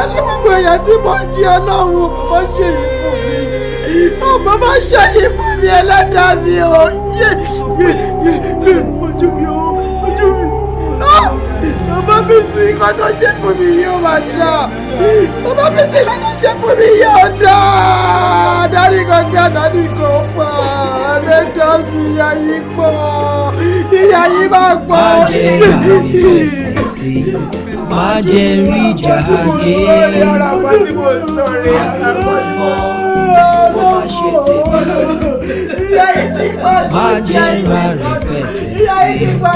pẹ̀lú gbogbo èèyàn tí mo ń jẹ ọlọ́run bàbá ṣe yìí fún mi bàbá ṣe yìí fún mi ẹlẹ́dàá mi ò yé ojú mi ó ojú mi ah! bàbá mi sí nǹkan tó jẹ́ fún mi yóò máa dà bàbá mi sí nǹkan tó jẹ́ fún mi yóò dà dárí kan gbé àdáni kan fà ẹlẹ́dàá mi ayé pọ̀ ìyá yìí máa pọ̀ má jẹ́ rí ìjà ayé àgbàgbọ́ ó má ṣe tèmi má jẹ́ ìwà rẹ̀ fẹsẹ̀ sí má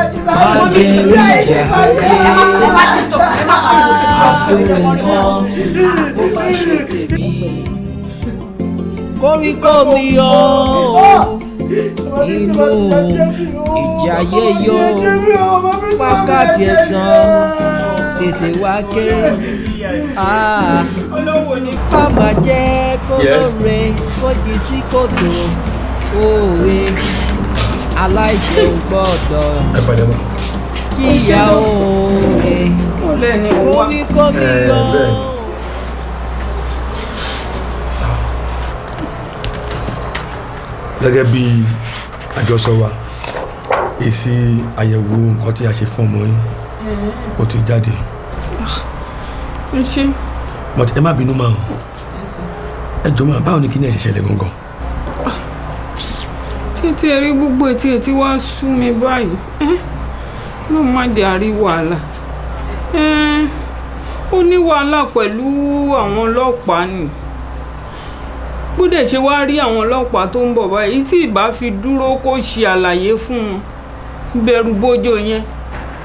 jẹ́ rí ìjà ayé àgbẹ̀mọ́ ó má ṣe tèmi koríko mi yọ inú ìjà ayé yọ wákàtí ẹ̀san tètè wá ké má ah, má jẹ́ kó sí kòtò òwe aláìṣe ò kíyà òwe kómi kómi gan. gẹ́gẹ́ bí àjọsọ wa èsì àyẹ̀wò nǹkan tí a ṣe fún ọmọ yín ó ti jáde. Ah, ẹ ṣe. but ẹ má bínú máa hàn ẹ jọ máa báwo ni kí ni ẹ ṣe ṣẹlẹ̀ gangan. títí ah, ẹ rí gbogbo ètí ètí wá sú mi báyìí ló má jẹ àrí wàhálà ó ní wàhálà pẹ̀lú àwọn ọlọ́pàá ni bó ṣe wá rí àwọn ọlọ́pàá tó ń bọ̀ báyìí tí ìbá fi dúró kó ṣe àlàyé fún un bẹ̀rù bójó yẹn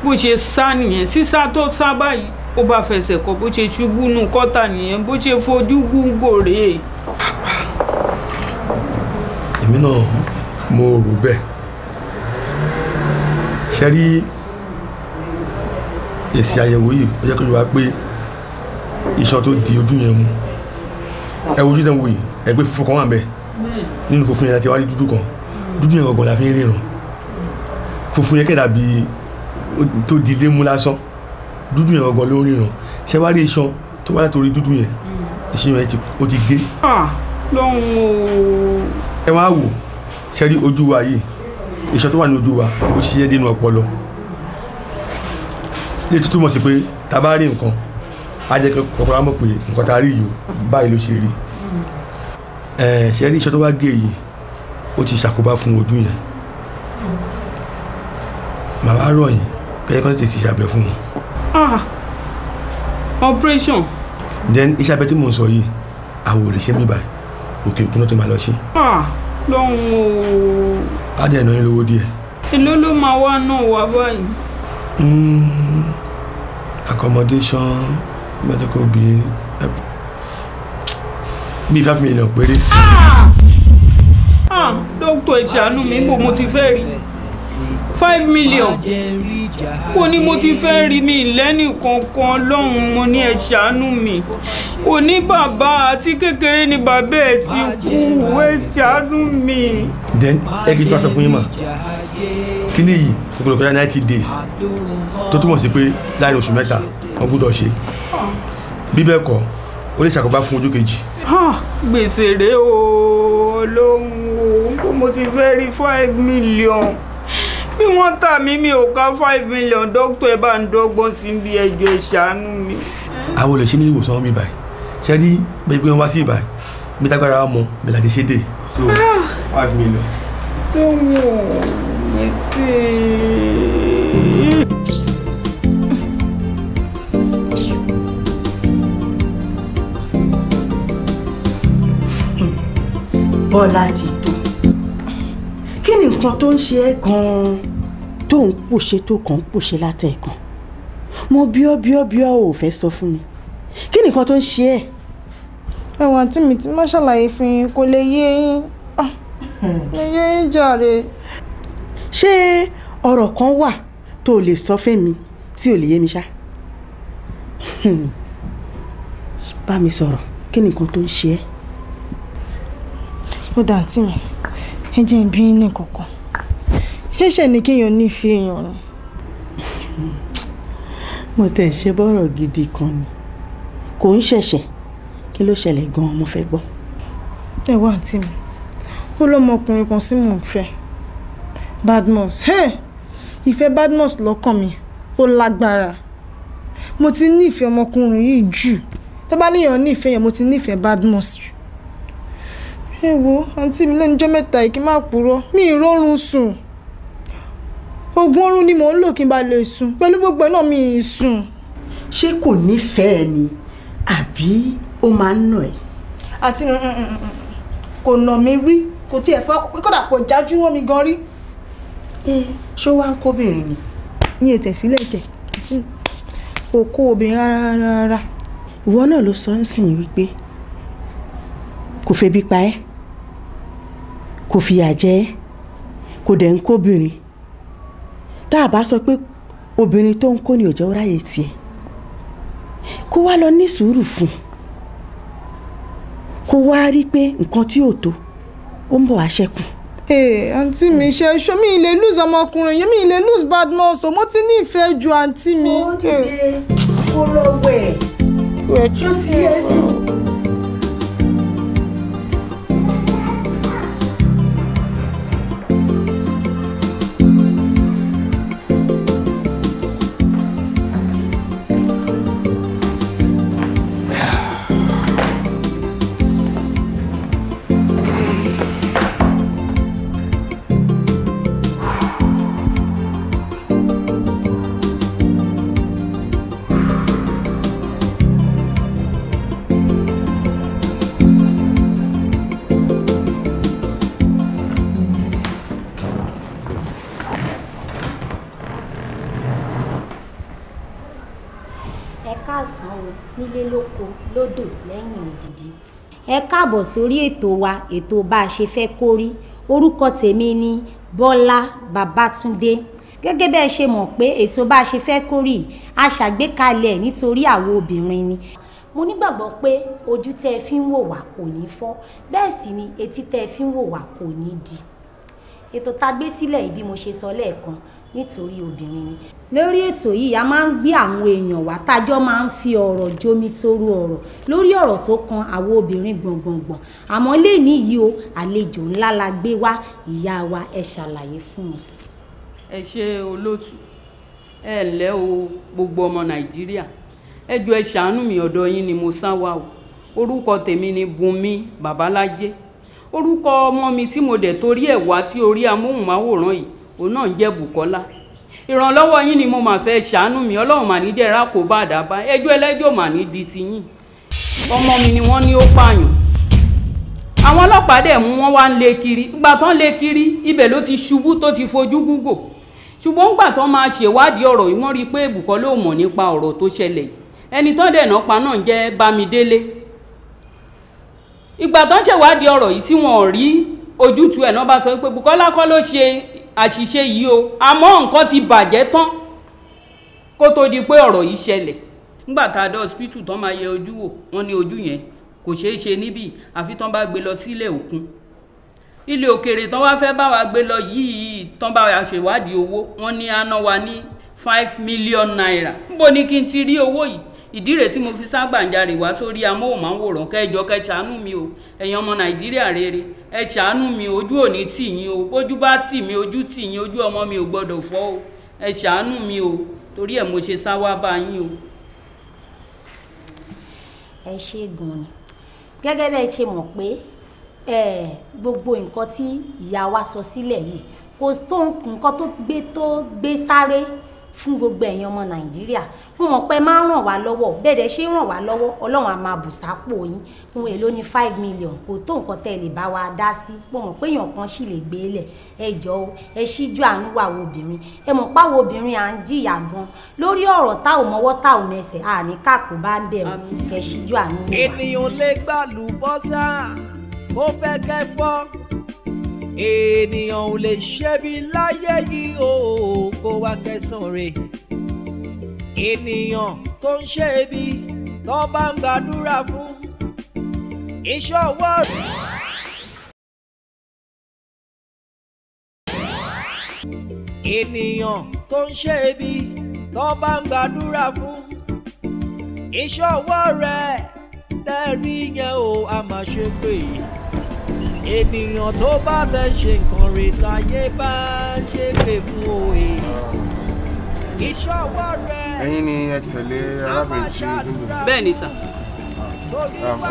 bó ṣe sá nìyẹn sísá tó sá báyìí ó bá fẹsẹ̀ kọ bó ṣe ṣubú nù kọ́tà nìyẹn bó ṣe fojú gúngò rèé. èmi náà mo rò bẹ́ẹ̀ ṣe rí èsì àyẹ̀wò yìí ó jẹ́ kó wá pé iṣan tó di ojú yẹn mu ẹ wojú náà wò yìí ẹ pé funfun kan wà bẹ́ẹ̀ nínú funfun yẹn láti wá rí dúdú kan dúdú yẹn gangan la fi ń ríran funfun yẹn kẹ́dà bíi tó dilé mú lásán dúdú yẹn gangan ló ń ríran ṣé wàá rí iṣan tó wà látòrí dúdú yẹn mm. iṣan yẹn ó ti gé. o. ẹ wá wò ṣe rí ojú wa yìí iṣan tó wà ní ojú wa ó ṣiṣẹ́ dénú ọpọlọ lè tuntun mọ̀ sí pé tá a bá rí nǹkan á jẹ́ kí ọ̀pọ̀ wa mọ̀ pé nǹkan tá a rí yìí báyìí ló ṣe rí mm. ṣe rí iṣan tó wá gé yìí ó ti ṣàkóbá fún ojú yẹn màá wá rọ̀ yìí bẹ́ẹ̀ kọ́ tètè ṣàbẹ̀ fún wọn. ah operation. then iṣẹ́ abẹ tí mò ń sọ yìí àwọn ò lè ṣe mí báyìí òkè òkun náà tó máa lọ ṣe. ah lọ́hùn o. á dẹ̀ náà yín lówó díẹ̀. èló ló máa wá náà wá báyìí. Hmm, accommodation medical bill bíi five million péré. ah ah dókítà ìṣàánú mi bò mo ti fẹ́ rí i five million ó ní mo ti fẹ́ rí mi lẹ́nì kankan lọ́hùn mo ní ẹ ṣàánú mi ó ní bàbá àti kékeré ni bàbá ẹ ti kú ẹ ṣàánú mi. then ẹ kì í tí wàá sọ fún yín mà kí ni yìí kò gbọdọ̀ kọjá ninety days tó túmọ̀ sí pé láàrin oṣù mẹ́ta wọ́n gbọ́dọ̀ ṣe bí bẹ́ẹ̀ kọ́ ó lè ṣàkóbá fún ojú kejì. gbèsè rèé o lóhùn o mo ti fẹ́ rí five million bí wọ́n tà mí mi ò ká five million dókítà ẹ bá ń dọ́gbọ́n sí bí ẹjọ́ ìṣàánú mi. àwọn olè ṣe ní ìwòsàn mi báyìí ṣe rí bẹ́ẹ̀ pé wọ́n wá sí ìbáyìí mi tágbára wa mọ mi làdí ṣe dé. so ah! five million. tó wọ̀ mí sí i. Bọ́lájí nǹkan tó ń ṣe ẹ́ gan-an tó ń pòṣe tó kàn ń pòṣe látẹ̀ẹ̀kan mo bíọ́ bíọ́ bíọ́ ò fẹ́ sọ fún mi kí nìkan tó ń ṣe ẹ́. ẹ̀wọ̀n tí mi ti má ṣàlàyé fún yín kò lè yé yín ah, lè yé yín jàre. ṣé ọ̀rọ̀ kan wà tó lè sọ fún mi tí ò lè yé mi ṣá hmm. bá mi sọ̀rọ̀ kí nìkan tó ń ṣe ẹ́. ó dàntí mi ẹ jẹ́ ìbí nìkọ̀kọ̀ ṣẹ̀ṣẹ̀ ni kéèyàn nífẹ̀ẹ́ èèyàn rùn. mo tẹ̀ ṣe bọ́rọ̀ gidi kan ni kò ń ṣẹ̀ṣẹ̀ kí ló ṣẹlẹ̀ gan-an mo fẹ́ gbọ́. ẹ wá àǹtí mi ó lọ́mọkùnrin kan sí mò ń fẹ́ Badmus ìfẹ́ Badmus lọ́kàn mi ó lágbára mo ti nífẹ̀ẹ́ ọmọkùnrin yìí jù tó bá níyàn nífẹ̀ẹ́ yẹn mo ti nífẹ̀ẹ́ Badmus jù ẹ wo àǹtí mi lẹ́nu jọ́ mẹ́ta yìí kí n má purọ́ mi ì rọrùn sùn oògùn oorun ni mò ń lò kí n bá lè sùn pẹ̀lú gbogbo náà mi ì sùn. ṣé kò nífẹ̀ẹ́ ni àbí ó máa ń nà ẹ́. àti mm, mm, mm, kò nà mí rí kò tiẹ̀ fọ́ kódà kò jájú wọ́n mi gan rí. ṣó wá ń kóbìnrin ni. ní ètè sílẹ̀ jẹ́ kò kó obìnrin rárá rárá. ìwọ náà ló sọ ń sìn wípé kò febi pa ẹ́ kò fìyà jẹ ẹ́ kò dẹ̀ ń kóbìnrin tá a bá sọ pé obìnrin tó ń kó ni ò jẹ́ ráyè tiẹ̀ kó wá lọ ní sùúrù fún kó wá rí pé nǹkan tí ò tó ó ń bọ̀ wá ṣẹ́kù. ee eh, àǹtí mi ṣe ṣo mi lè lose ọmọkùnrin yẹn mi lè lose bad man so mo ti ní ìfẹ́ ju àǹtí mi. ó dìde kó lọ wẹ̀ tó ti yẹ sí i. lódò lẹ́yìn òdìdí. ẹ káàbọ̀ sórí ètò wa ètò bá a ṣe fẹ́ kó rí orúkọ tèmi ni Bọ́lá Babátúndé gẹ́gẹ́ bẹ́ẹ̀ ṣe mọ̀ pé ètò bá a ṣe fẹ́ kó rí a ṣàgbékalẹ̀ nítorí àwọn obìnrin ni mo nígbàgbọ́ pé ojú tẹ́ ẹ fi ń wò wá kò ní fọ́ bẹ́ẹ̀ sì ni etí tẹ́ ẹ fi ń wò wá kò ní di ètò tá a gbé sílẹ̀ ibi mo ṣe sọ lẹ́ẹ̀kan nítorí obìnrin ni. lórí ètò yìí a máa ń gbé àwọn èèyàn wá tájọ́ máa ń fi ọ̀rọ̀ jomi toro ọ̀rọ̀ lórí ọ̀rọ̀ tó kan àwọn obìnrin gbọ̀ngbọ̀ngbọ̀n àmọ́ lẹ́ni yìí o àlejò ńlá la gbé wá ìyá wa ẹ ṣàlàyé fún un. ẹ ṣe olóòtú ẹ ǹlẹ́ o gbogbo ọmọ nàìjíríà ẹ jọ̀ọ́ ẹ ṣàánú mi ọ̀dọ̀ yín ni mo sá wa o orúkọ tèmi ni Bùnmi Bàbálájé orúkọ ọmọ mi tí mo dẹ̀ torí ẹ̀ wá sí orí amóhùnmáwòrán yìí òun náà ń jẹ́ Bùkọ́lá ìrànlọ́wọ́ yín ni mo mà fẹ́ ṣàánú mi ọlọ́run mà ní jẹ́ra kò bá àdábá ẹjọ́ ẹlẹ́jọ́ mà ní di tiyín ọmọ mi ni wọ́n ní ó pààyàn àwọn ọlọ́pàá dẹ̀ mú wọn wá ń lé kiri ìgbà tán lé kiri ibẹ̀ ló ti ṣubú tó ti fojú gúgò ṣùgbọ́n ìgbà tán máa ṣèwádìí ọ̀rọ̀ yìí wọ́n rí i pé Bùkọ́lá ò mọ̀ nípa ọ̀rọ̀ tó ṣẹlẹ̀ yìí ẹni tán dẹ̀ náà pa náà ń jẹ́ Bámidélé ìgbà tán ṣèwádìí ọ̀rọ̀ yìí tí wọ́n rí ojútùú ẹ̀ náà bá sọ pé Bùkọ́lá kọ́ ló ṣe àṣìṣe yìí o àmọ́ nǹkan ti bàjẹ́ tán kó tó di pé ọ̀rọ̀ yìí ṣẹlẹ̀ nígbà tá a dé hospital tán máa yẹ ojú wò wọ́n ní ojú yẹn kò ṣeé ṣe níbí àfi tán bá gbé lọ sílẹ̀ òkun ilé òkèèrè tán wá fẹ́ bá wa gbé lọ yìí tán bá wa ṣèwádìí owó wọ́n ní á wa ní five million naira níbo ni kí n ti rí owó yìí ìdí rèé tí mo fi ságbàǹjarè wá sórí amóhùnmáwòrán kẹjọ kẹ ṣàánú mi o ẹ̀yin ọmọ nàìjíríà rere ẹ ṣàánú mi ojú òní tì yín o bójú bá tì mí ojú tì yín ojú ọmọ mi ò gbọ́dọ̀ fọ́ o ẹ ṣàánú mi o torí ẹ̀ mo ṣe sá wá bá yín o. ẹ ṣe gan ni gẹ́gẹ́ bẹ́ẹ̀ ṣe mọ̀ pé gbogbo nǹkan tí ìyá wa sọ sílẹ̀ yìí kò tó nǹkan tó gbé tó gbé sáré fún gbogbo ẹ̀yin ọmọ nàìjíríà mo mọ̀ pé máa ràn wá lọ́wọ́ bẹ́ẹ̀ dẹ̀ ṣe ràn wá lọ́wọ́ ọlọ́run á máa bù sápò yín ohun èlò ní five million kò tó nǹkan tẹ́ ẹ lè bá wa dá sí mo mọ̀ pé èèyàn kan sì lè gbé e lẹ̀ ẹ jọ o ẹ ṣíjú àánú wà wo obìnrin ẹ mọ̀ páwo obìnrin à ń jìyà gan lórí ọ̀rọ̀ tá ò mọwọ́ tá ò mẹsẹ̀ àní káàkó bá ń bẹ̀ ẹ ṣíjú àánú wà. ènìyàn lè gbàlù ènìyàn ò lè ṣẹ́bi láyé yìí o kó wá kẹsàn-án rẹ̀ ènìyàn tó ń ṣe ibi tó bá ń gbàdúrà fún iṣẹ́ ọwọ́ rẹ̀. ènìyàn tó ń ṣe tó bá ń gbàdúrà fún iṣẹ́ ọwọ́ rẹ̀ tẹ́rí yẹn o a máa ṣe pé ènìyàn tó bá fẹ́ ṣe nǹkan rè táyé bá ń ṣe pé fún òye ìṣọwọ́ rẹ. ẹ̀yin ni ẹ tẹ̀lé arábìnrin tí ó dúró. bẹ́ẹ̀ ni sà. Ah, ọgbà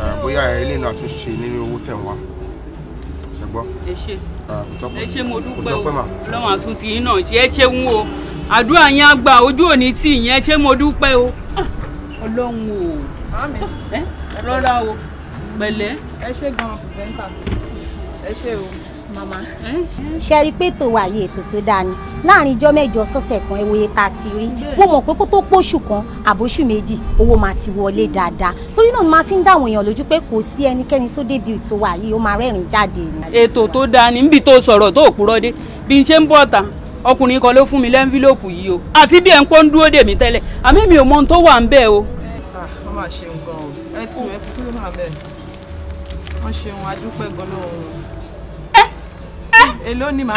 ah, bóyá eléyìí náà tún ṣe nínú owó tẹ̀ wá ṣe gbọ́. ẹ ṣe ah, ẹ ṣe mo dúpẹ́ o ọlọ́run àtúntì yín náà ṣe ẹ ṣeun o àdúrà yín á gbà ojú òní tì yín ẹ ṣe mo dúpẹ́ o ọlọ́run o eh, rọra o pẹ̀lẹ́. ẹ ṣe gan-an pìsẹ́ńtà ẹ ṣe o màmá. ṣe rí pé tòwà yìí ètò tó dáa ni láàrin ijọ́ mẹ́jọ sọ́sẹ̀ kan ewúye ta ti rí wọ́n mọ̀ pé kó tó pọ̀ṣù kan àbóṣù méjì owó máa ti wọlé dáadáa torí náà ni máa fi ń dáwọn èèyàn lójú pé kò sí ẹnikẹ́ni tó débi ètò wa yìí ó máa rẹ́rìn jáde ni. ètò tó dáa ni níbi tó sọ̀rọ̀ tó òpùrọ̀ dé bí n ṣe ń bọ̀ ta ọkùnrin kan ló fún mi lẹ́ńfílòpù yìí o àfi bí ẹ̀ ń pọ́n dúró dè mí tẹ́lẹ̀ àmì mi ò mọ ohun tó wà ń bẹ́ẹ̀ ah, o. ẹ tún ẹ tún máa bẹ́ẹ̀ wọ́n ṣeun adúpẹ́ gan lọ́wọ́ èló ni màá.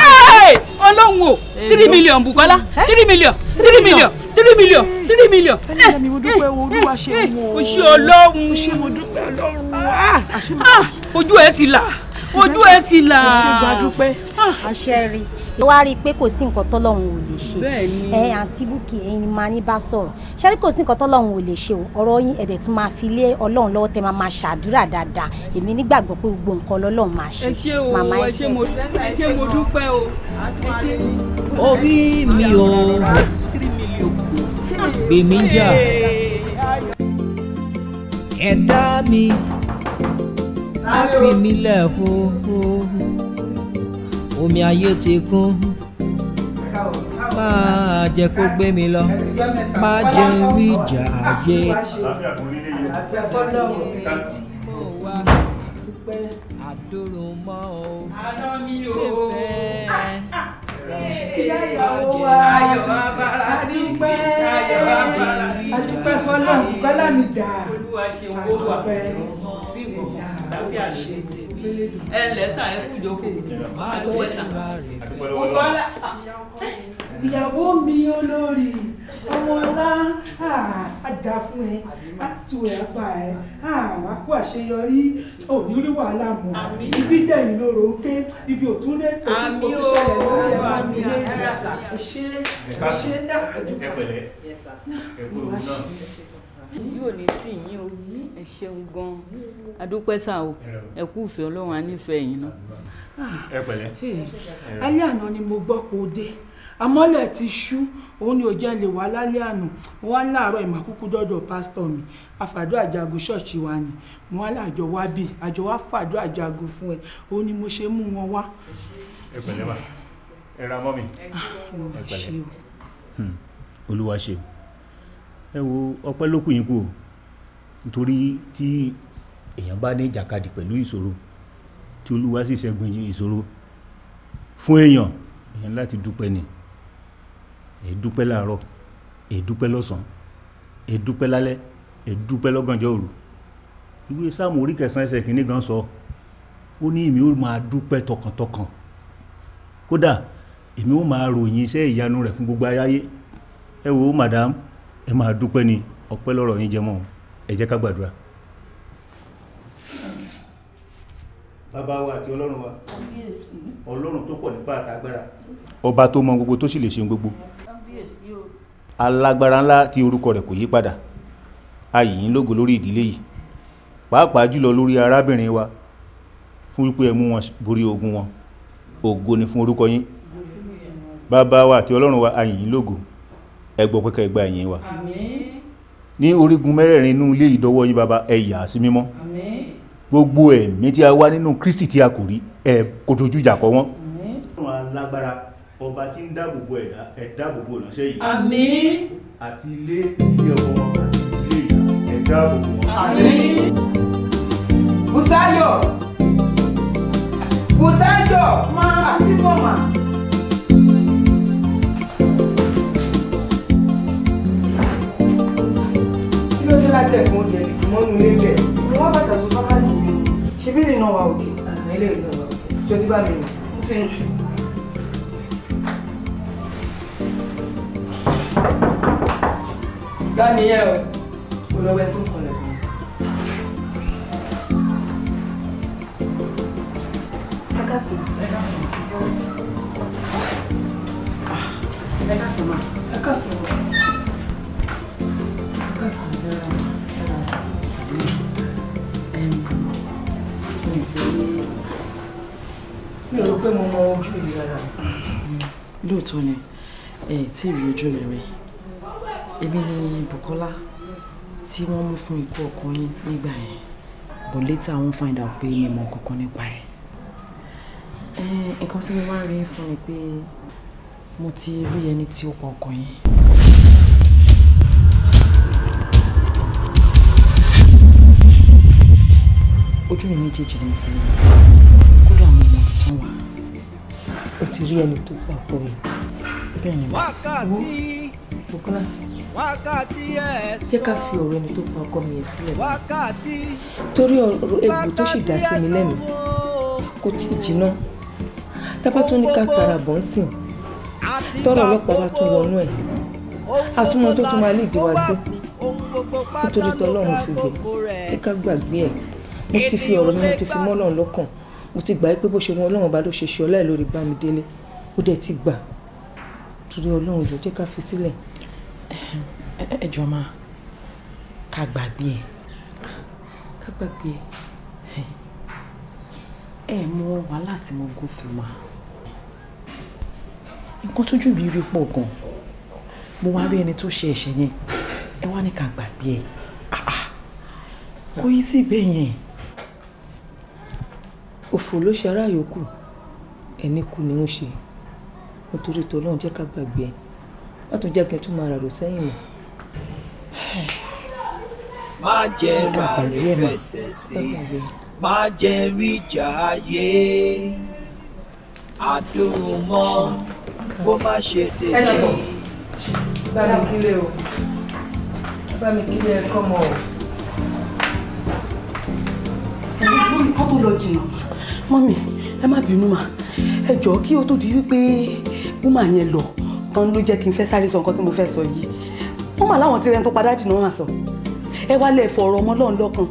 ọlọ́run o three million Bukola three million three million three million three million. ẹlẹ́yà mi dúpẹ́ wo olúwa ṣe wọ́n o. o ọlọ́run o mo dúpẹ́ ọlọ́run. Ah, ah, ojú ẹ ti là ah, ojú ẹ ti là. ẹ gbàdúpẹ́. àṣẹ rí i ló wá rí i pé kò sí nǹkan tọ́lọ́run ò lè ṣe ẹ àǹtí Bukky ẹ̀yin máa ní bá sọ̀rọ̀ ṣẹ́rí kò sí nǹkan tọ́lọ́run ò lè ṣe o ọ̀rọ̀ yín ẹ̀dẹ̀ tún máa fi lé ọlọ́run lọ́wọ́ tẹ́ máa máa ṣàdúrà dáadáa èmi nígbàgbọ́ pé gbogbo nǹkan lọ́lọ́run máa ṣe màmá ẹ ṣé o ẹ ṣé mo dúpẹ́ o òbí mi o gbèmí jà ẹ̀dá mi á fi mi lẹ̀ hóhóhó omi ayé ti kún máa jẹ kó gbé mi lọ má jẹ rí ìjà ayé tí mo wá àdúró mọ́ o fífẹ́ adúpẹ́ fọlọ́run kọ́lá mi dà adúpẹ́ àlàáfíà ló ìyàwó mi olórí ọmọ ọlá àdá fún ẹ àtú ẹ apá ẹ àkó àṣeyọrí òní rí wàhálà mọ ibi dẹ̀yìn lóró ké ibi òtún lé òtún tó ṣẹlẹ̀ lórí ẹ máa mi lé ẹ ṣe ẹ ṣe ẹ pẹ̀lẹ́ ẹ kúrò náà ojú ò ní tì yín o ẹ ṣeun gan adúpẹ́ sá o ẹ kú ìfẹ́ ọlọ́run á nífẹ̀ẹ́ yín náà. ẹ pẹ̀lẹ́. alẹ́ àná ni mo gbọ́ pé o dé amọ́lẹ̀ ti ṣú òun ni ò jẹ́ lè wá lálẹ́ àná mo wá láàárọ̀ ìmàkúkú dọ́dọ̀ pásítọ̀ mi àfàdó àjagun ṣọ́ọ̀ṣì wa ni mo wá láàjọ wá bì àjọ wá fàdó àjagun fún ẹ òun ni mo ṣe mú wọn wá. ẹ pẹ̀lẹ́ wa ẹ ra mọ́ ah, mi. ẹ pẹ̀lẹ́ hmm. olúwa ṣeun ẹ wo ọpẹ́ lókù yín kù o nítorí tí èèyàn bá ní ìjàkadì pẹ̀lú ìṣòro tí olúwa sì ṣẹ́gun ìṣòro fún èèyàn èèyàn láti dúpẹ́ ni èdúpẹ́ láàárọ̀ èdúpẹ́ lọ́sàn-án èdúpẹ́ lálẹ́ èdúpẹ́ lọ́gànjọ́ òru ìwé sáàmù orí kẹsàn-án ẹsẹ̀ kìíní gan sọ ó ní èmi ó máa dúpẹ́ tọkàntọkàn kódà èmi ó máa ròyìn iṣẹ́ ìyanu rẹ̀ fún gbogbo aráyé ẹ wo madam ẹ máa dúpẹ́ ni ọpẹ́ lọ́rọ̀ yín jẹmọ́ ẹ ká gbàdúrà. bàbá wa àti ọlọ́run wa ọlọ́run tó pọ̀ nípa àtàgbára. ọba tó mọ gbogbo tó sì lè ṣe gbogbo alágbára ńlá tí orúkọ rẹ̀ kò yí padà a yìn yín lógo lórí ìdílé yìí pàápàá jùlọ lórí arábìnrin wa fún wípé ẹ wọn borí ogun wọn ògo ni fún orúkọ yín bàbá wa àti ọlọ́run wa a yín lógo ẹgbọ́ pẹ́kẹ́ ẹgbà ẹ̀yìn wa ní orígun mẹ́rẹ̀ẹ̀rin inú ilé ìdọ́wọ́ yín bàbá ẹ̀yà sí mímọ́ gbogbo ẹ̀mí tí a wá nínú Kristi tí a kò rí ẹ̀ kò dojú ìjà kọ wọ́n. ọlọ́run alágbára ọba tí ń dáàbò ẹ̀dá ẹ̀ ìránṣẹ́ yìí. àti ilé ilé ọmọ àti ilé ìyá ẹ̀ dáàbò máa àti bọ̀mà. látẹ̀kùn oúnjẹ mọ́nú ilé bẹ̀. mo wá bàtà tó bá káàdì mi ṣe bí ìrìnà wa òkè. àwọn ah, ilé ìrìnà wa òkè ṣé o ti bá mi rìn. mo ti rìn. sani yẹ o mo lọ wẹ tó kọlẹ. ẹ ká sùn ẹ ká sùn ẹ ká sùn ma ẹ ká sùn ah, ẹ ká sùn mi ò rò pé mo mọ ojú yìí rárá. lóòótọ́ ni ẹ tí ì rí ojú mi rí èmi ni Bukola tí wọ́n mú fún ikú ọkọ yín nígbà yẹn but later I wọ́n find out pé mi mọ kankan nípa ẹ̀. nǹkan tí mo wá rí fún mi pé mo ti rí ẹni tí ó pa ọkọ yín. ojú mi méjèèjì ni mo fi rí i tán wá ó ti rí ẹni tó pa ọkọ rẹ̀ bẹ́ẹ̀ ni mo Bùkọ́lá jẹ́ ká fi ọ̀rọ̀ ẹni tó pa ọkọ mi yẹn sílẹ̀ torí ọ̀rọ̀ egbò tó sì dá sí mi lẹ́mìí kò tí ì jìnnà tábà tún ní ká tara bọ̀ ń sìn tọrọ ọlọ́pàá wa tún wọnú ẹ̀ àtúmọ̀ tó tún máa lè dí wa sí nítorí tọ́lọ́run fi gbẹ̀ jẹ́ ká gbàgbé ẹ̀ mo ti fi ọ̀rọ̀ mi mo ti fi mọ́ Ọlọ́run lọ́kàn mo ti gbà pé bó ṣe wọn ọlọ́run bá ló ṣe ṣe ọláì lórí bá mi délé ó dẹ̀ ti gbà torí ọlọ́run ló jẹ́ ká fi sílẹ̀. ẹ jọ máa ká gbàgbé ẹ ká gbàgbé ẹ ẹ mọ wàhálà tí mo gò fún ma nǹkan tójú mi rí pọ̀ gan mo wá rí ẹni tó ṣe ẹ̀ṣẹ̀ yẹn ẹ wá ní ká gbàgbé ẹ ah, ah. kò yí sí bẹ́ẹ̀ yẹn òfò ló ṣe ará yòókù ẹni kù ni ó ṣe nítorí tó lọ́run jẹ́ ká gbàgbé ẹ̀ má tún jẹ́ kí n tún máa ràrò sẹ́yìn mọ́. má jẹ́ máa rí fẹsẹ̀ sí má jẹ́ rí ìjà ayé àdùnmọ́ bó má ṣe tètè. bá mi kílé o bá mi kílé ẹ kọ́ mọ́ o. ìlú ìkọ́ tó lọ jìnnà mọ́mì ẹ má bínú mà ẹ jọ̀ọ́ kí o tó di wípé wúmà yẹn lọ tán ló jẹ́ kí n fẹ́ sáré sọ nǹkan tí mo fẹ́ sọ yìí wúmà láwọn tirẹ̀ tó padà dìnnà wà sọ ẹ wá lẹ̀ fọ ọmọ Ọlọ́run lọ́kàn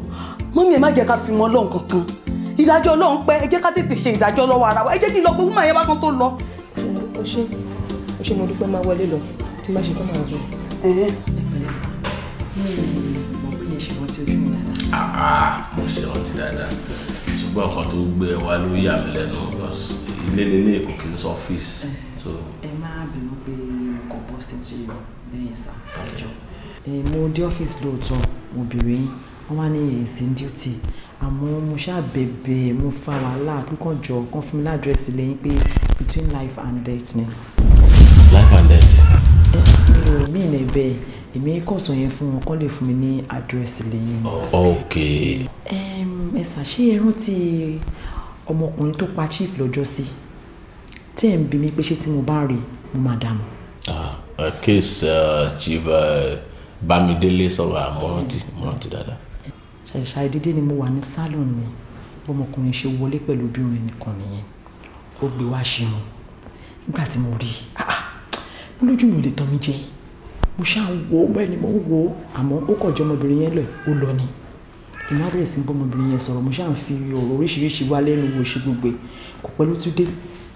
mọ́mì ẹ má jẹ́ ká fi mọ́ Ọlọ́run kankan ìdájọ́ Ọlọ́run pẹ́ ẹ jẹ́ ká tètè ṣe ìdájọ́ lọ́wọ́ ara wa ẹ jẹ́ kí n lọ pé wúmà yẹn bá kan tó lọ. o ṣe o ṣe mo dúpẹ́ máa wọlé lọ tí má ṣe tó máa wọlé. ẹ ẹ pẹ̀lẹ́ sá mo bí yẹn ṣe rántí ojú mi dáadáa. Ah, ah, mo ṣe rántí dáadáa ṣùgbọ́n nǹkan tó gbé ẹ wá ló yà mí lẹ́nu ilé lélẹ̀ èkó kì í sọ ọ́fíìsì. Eh, ẹ máa bínú pé mo kàn bọ́ stage yìí bẹ́ẹ̀ sá ẹjọ́ mo dé ọ́fíìsì lóòótọ́ mo bèrè yín wọ́n wá ní èsì ń díútì àmọ́ mo ṣàbẹ̀bẹ̀ mo fa wàhálà pípọ̀ jọ kán fún mi ládírẹ́sì lẹ́yìn pé between life and death ni. life and death. Eh, mi ò mí ìnẹ̀bẹ̀ẹ́ èmi kàn sọ yẹn fún wọn kọ́ lè fún mi ní àdírẹ́sì lẹ́yìn. ok. ẹ ṣàṣe ẹ rántí ọmọkùnrin tó pa chief lọ́jọ́ sí tẹ́ ẹ̀ ń bi mí pé ṣé tí mo bá rí mo máa dààmú. case chief Bámidélé sọ̀rọ̀ àmọ́rántí mọ́rántí dáadáa. ṣàṣà ìdídé ni mo wà ní salon mi bọ́mọkùnrin ṣe wọlé pẹ̀lú obìnrin nìkan nìyẹn ó gbé wá ṣe wọn nígbà tí mo rí i ah, ah, lójú mi ò lè tàn mí jẹ́ yìí mo ṣáà wò ó bẹ́ẹ̀ ni mo ń wò ó àmọ́ ó kàn jẹ́ ọmọbìnrin yẹn lẹ̀ ó lọ ni ìmọ̀ àdírẹ́sì ń bọ́ ọmọbìnrin yẹn sọ̀rọ̀ mo ṣáà ń fi ọ̀rọ̀ oríṣiríṣi wá lẹ́nu wo ṣe gbogbo kò pẹ́ ló tún dé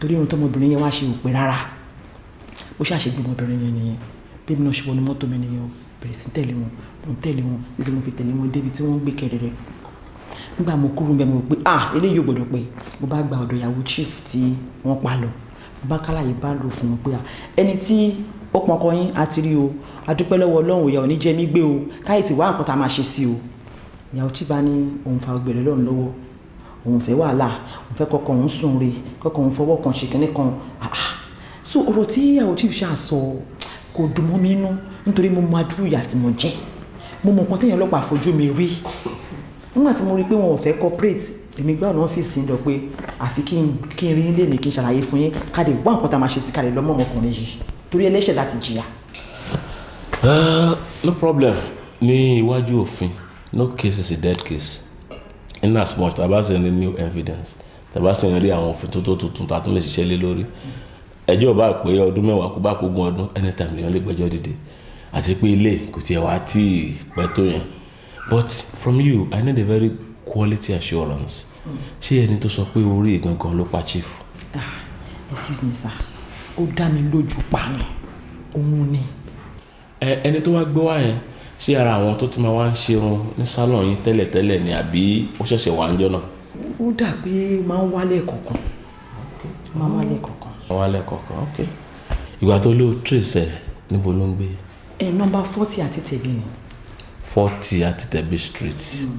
torí ohun tọmọbìnrin yẹn wá ṣe ò rárá mo ṣáà ṣe gbé ọmọbìnrin yẹn nìyẹn bí mi náà ṣe wọnú mọ́tò mi nìyẹn bẹ̀rẹ̀ sí tẹ̀lé wọn mo ń tẹ̀lé wọn ní mo fi tẹ̀lé wọn débi tí wọ́n ń gbé kẹrẹrẹ nígbà mo kúrú bẹ́ẹ̀ mo pé ah eléyìí ò gbọ́dọ̀ pé mo bá gba ọ̀dọ̀ ìyàwó chief tí wọ́n pa lọ mo bá kálàyé bá lò fún wọn pé ẹni tí ó pọn ọkọ yín àti rí o adúpẹ́ lọ́wọ́ ọlọ́run ìyá òní jẹ́ mí gbé o káyì tí wá nǹkan tá a máa ṣe sí o ìyàwó tí bá ní òun fa ọgbẹ̀rẹ̀ ọlọ́run lọ́wọ́ òun fẹ́ wàhálà òun fẹ́ kọkọ òun sùn re kọkọ òun fọwọ́ kan ṣe kínní kan ah, ah. so ọ̀rọ̀ tí ìyàwó tí ìṣá sọ kò dùn mọ́ mi nú nítorí mo mọ adúrú ìyà tí mo jẹ́ mo mọ nǹkan téèyàn ọlọ́pàá fojú mi rí nígbà tí mo rí pé wọn ò fẹ́ corporate èmi gbá ọ̀nà ọ́fíìsì ń lọ pé àfi kí n rí ilé ní kí n ṣàlàyé fún yín ká wá nǹkan tá a máa ṣe sí ká lọ́mọ ọmọkùnrin yìí torí ẹlẹ́ṣẹ̀ láti jìyà. Eh, no problem ní iwájú òfin no case is a dead case in as much tá a bá ní new evidence tá a bá sì rí àwọn òfin tuntun tuntun tá a tún lè ṣiṣẹ́ lé lórí ẹjọ́ bá pé ọdún mẹ́wàá kó bá kógun ọdún anytime lèèyàn lè gbẹ́jọ́ dìde àti pé ilé kò tiẹ̀ wá tí ì pẹ́ tó yẹn but from you i need a very quality assurance ṣé ẹni tó sọ pé orí gangan ló pa chief. Ah, excuse me sir ó dá mi lójú pa mi òun ni. ẹni tó wá gbé wá yẹn ṣé ara àwọn tó ti máa wá ń ṣerun ní sálọ̀n yín tẹ́lẹ̀tẹ́lẹ̀ ni àbí ó ṣẹ̀ṣẹ̀ wá ń jọ náà. ó dà pé máa ń wálé kọ̀ọ̀kan máa ń wálé kọ̀ọ̀kan. máa ń wálé kọ̀ọ̀kan ok ìgbà tó lóò tírèsẹ̀ níbo ló ń gbé. ẹ nọmba forty àti tẹ̀bí ni. forty àti tẹ̀bí street hmm.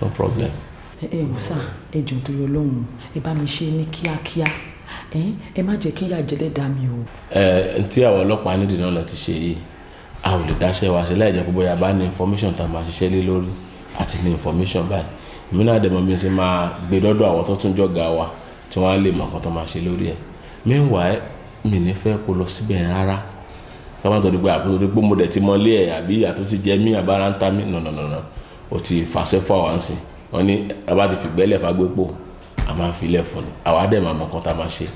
no problem. ẹ ẹ wò sá ẹ jọ̀ọ́ torí Ọlọ́run ẹ bá mi ṣe ní kíákíá ẹ má jẹ́ kí ìyá jẹ́lẹ̀ dá mi o. ẹ tí àwọn ọlọ́pàá nídìí náà lọ ti ṣe yìí a ò lè dáṣẹ́ wa ṣe láì jẹ́ pé bóyá bá ní information tá a máa ṣiṣẹ́ lé lórí àti ní information báyìí èmi náà dẹ̀ mọ̀ bí mo ṣe máa gbé dọ́dọ̀ àwọn tó tún jọ̀gá wa tí wọ́n á lè mọ̀ nǹkan tó máa ṣe lórí ẹ̀ meanwhile mi ní fẹ́ kó lọ síbẹ̀ rárá ká má torí pé àbúrò rí pé mo dẹ̀ ti mọ́lé ẹ̀ àbí ìyà tó ti jẹ mí àbára ń ta mí nànànànà ó ti fàṣẹ fún àwọn àǹsìn wọn ní abá ti fìgbẹ́lẹ̀ fagbépo a máa ń filẹ̀ fún ni àwa dẹ̀ máa mọ nǹkan tá a máa ṣe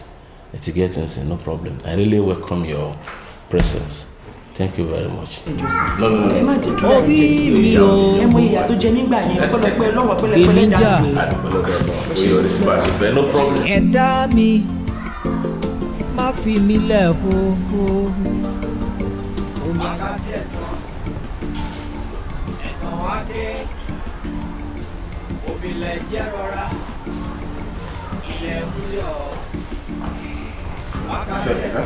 it's getting sin no problem i really welcome your presence thank you very much. lọ́dún ẹ má jẹ́ kí ẹ jẹ́ mi o ẹ mọ ìyà tó jẹ nígbà yẹn ọpẹ́lọpẹ́ lọ́wọ́ pẹ̀lẹ́pẹ̀lẹ́ dàgbé. àdúpẹ́lọpẹ́ ọmọ oyè oríṣi bá a ṣe fẹ́ no problem. ẹ dá mi má fi mi lẹ̀ hóhó. wákàtí ẹ̀sán ẹ̀sán wá dé òbílẹ̀ jẹ́ rọra. Cerca.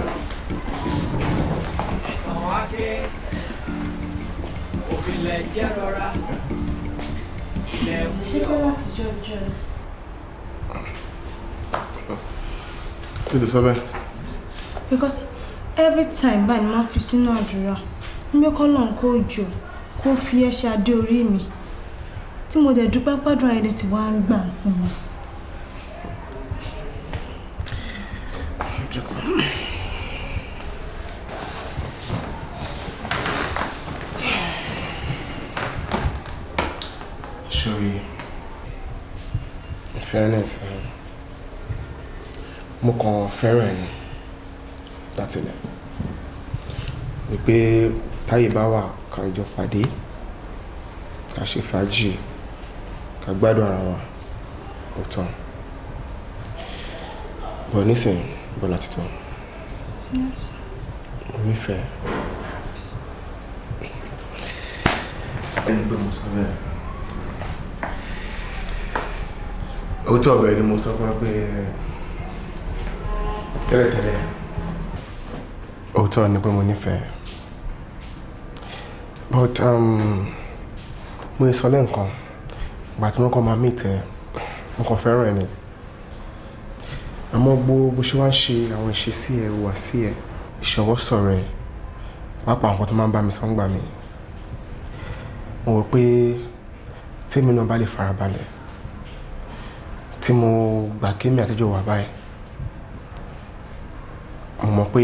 Ẹ̀sán wáké, òfìlẹ̀ jẹ́ rọra, ilẹ̀ mú lọ. Ṣé kí Because every time báyìí ni máa ń fi sínú àdúrà, ń gbé kọ́lọ́n kó jò, kó fi ẹ̀ṣẹ̀ adé orí mi, tí mo dẹ̀ dúpẹ́ pàdùn ayẹyẹ tí wàá ń fairness mo kàn fẹ́ràn ẹni láti lẹ̀ ni pé táyé bá wà ká jọ pàdé ká ṣe fàájì ká gbádùn ara wa ó tán bọ̀ nísìnyí bọ́lá títọ́ mo nífẹ̀ẹ́ ẹni pé mo sọ bẹ́ẹ̀. òótọ́ ọ̀bẹ ni mo sọ fún wa pé tẹ́lẹ̀tẹ́lẹ̀ òótọ́ ni pé mo nífẹ̀ẹ́ but um, mo sọ lẹ́ǹkan ìgbà tí wọ́n kọ́ máa mí tẹ́ mo kàn fẹ́ràn ẹ̀ ni àmọ́ gbogbo ṣe wá ṣe àwọn ìṣesí ẹ̀ wà sí ẹ̀ ìṣọwọ́ sọ̀rọ̀ ẹ̀ pàápàá nǹkan tó máa ń bá mi sọ́ngbà mi mo rò pé tèmi náà bá lè farabalẹ̀ tí mo gbà kémi àtijọ́ wà báyìí mo mọ̀ pé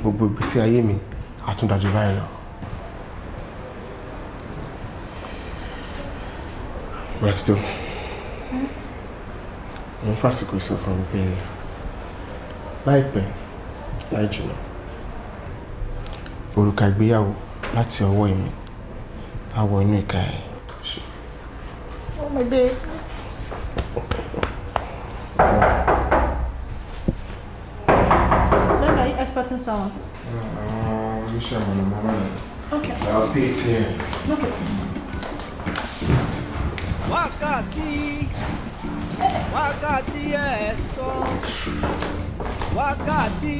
gbogbo ìgbésí ayé mi àtúndàjọ báyìí lọ. Bratito, mo ń fàsìkò sọ fún mi pé láìpẹ́ láì jìnnà òrùka ìgbéyàwó láti ọwọ́ èmi á wọ inú ìka ẹ̀. Oh my babe. send someone? Uh, I'm sure I'm on my money. Okay. I'll pay here. Okay. Wákàtí, wákàtí ẹ̀sọ́, wákàtí,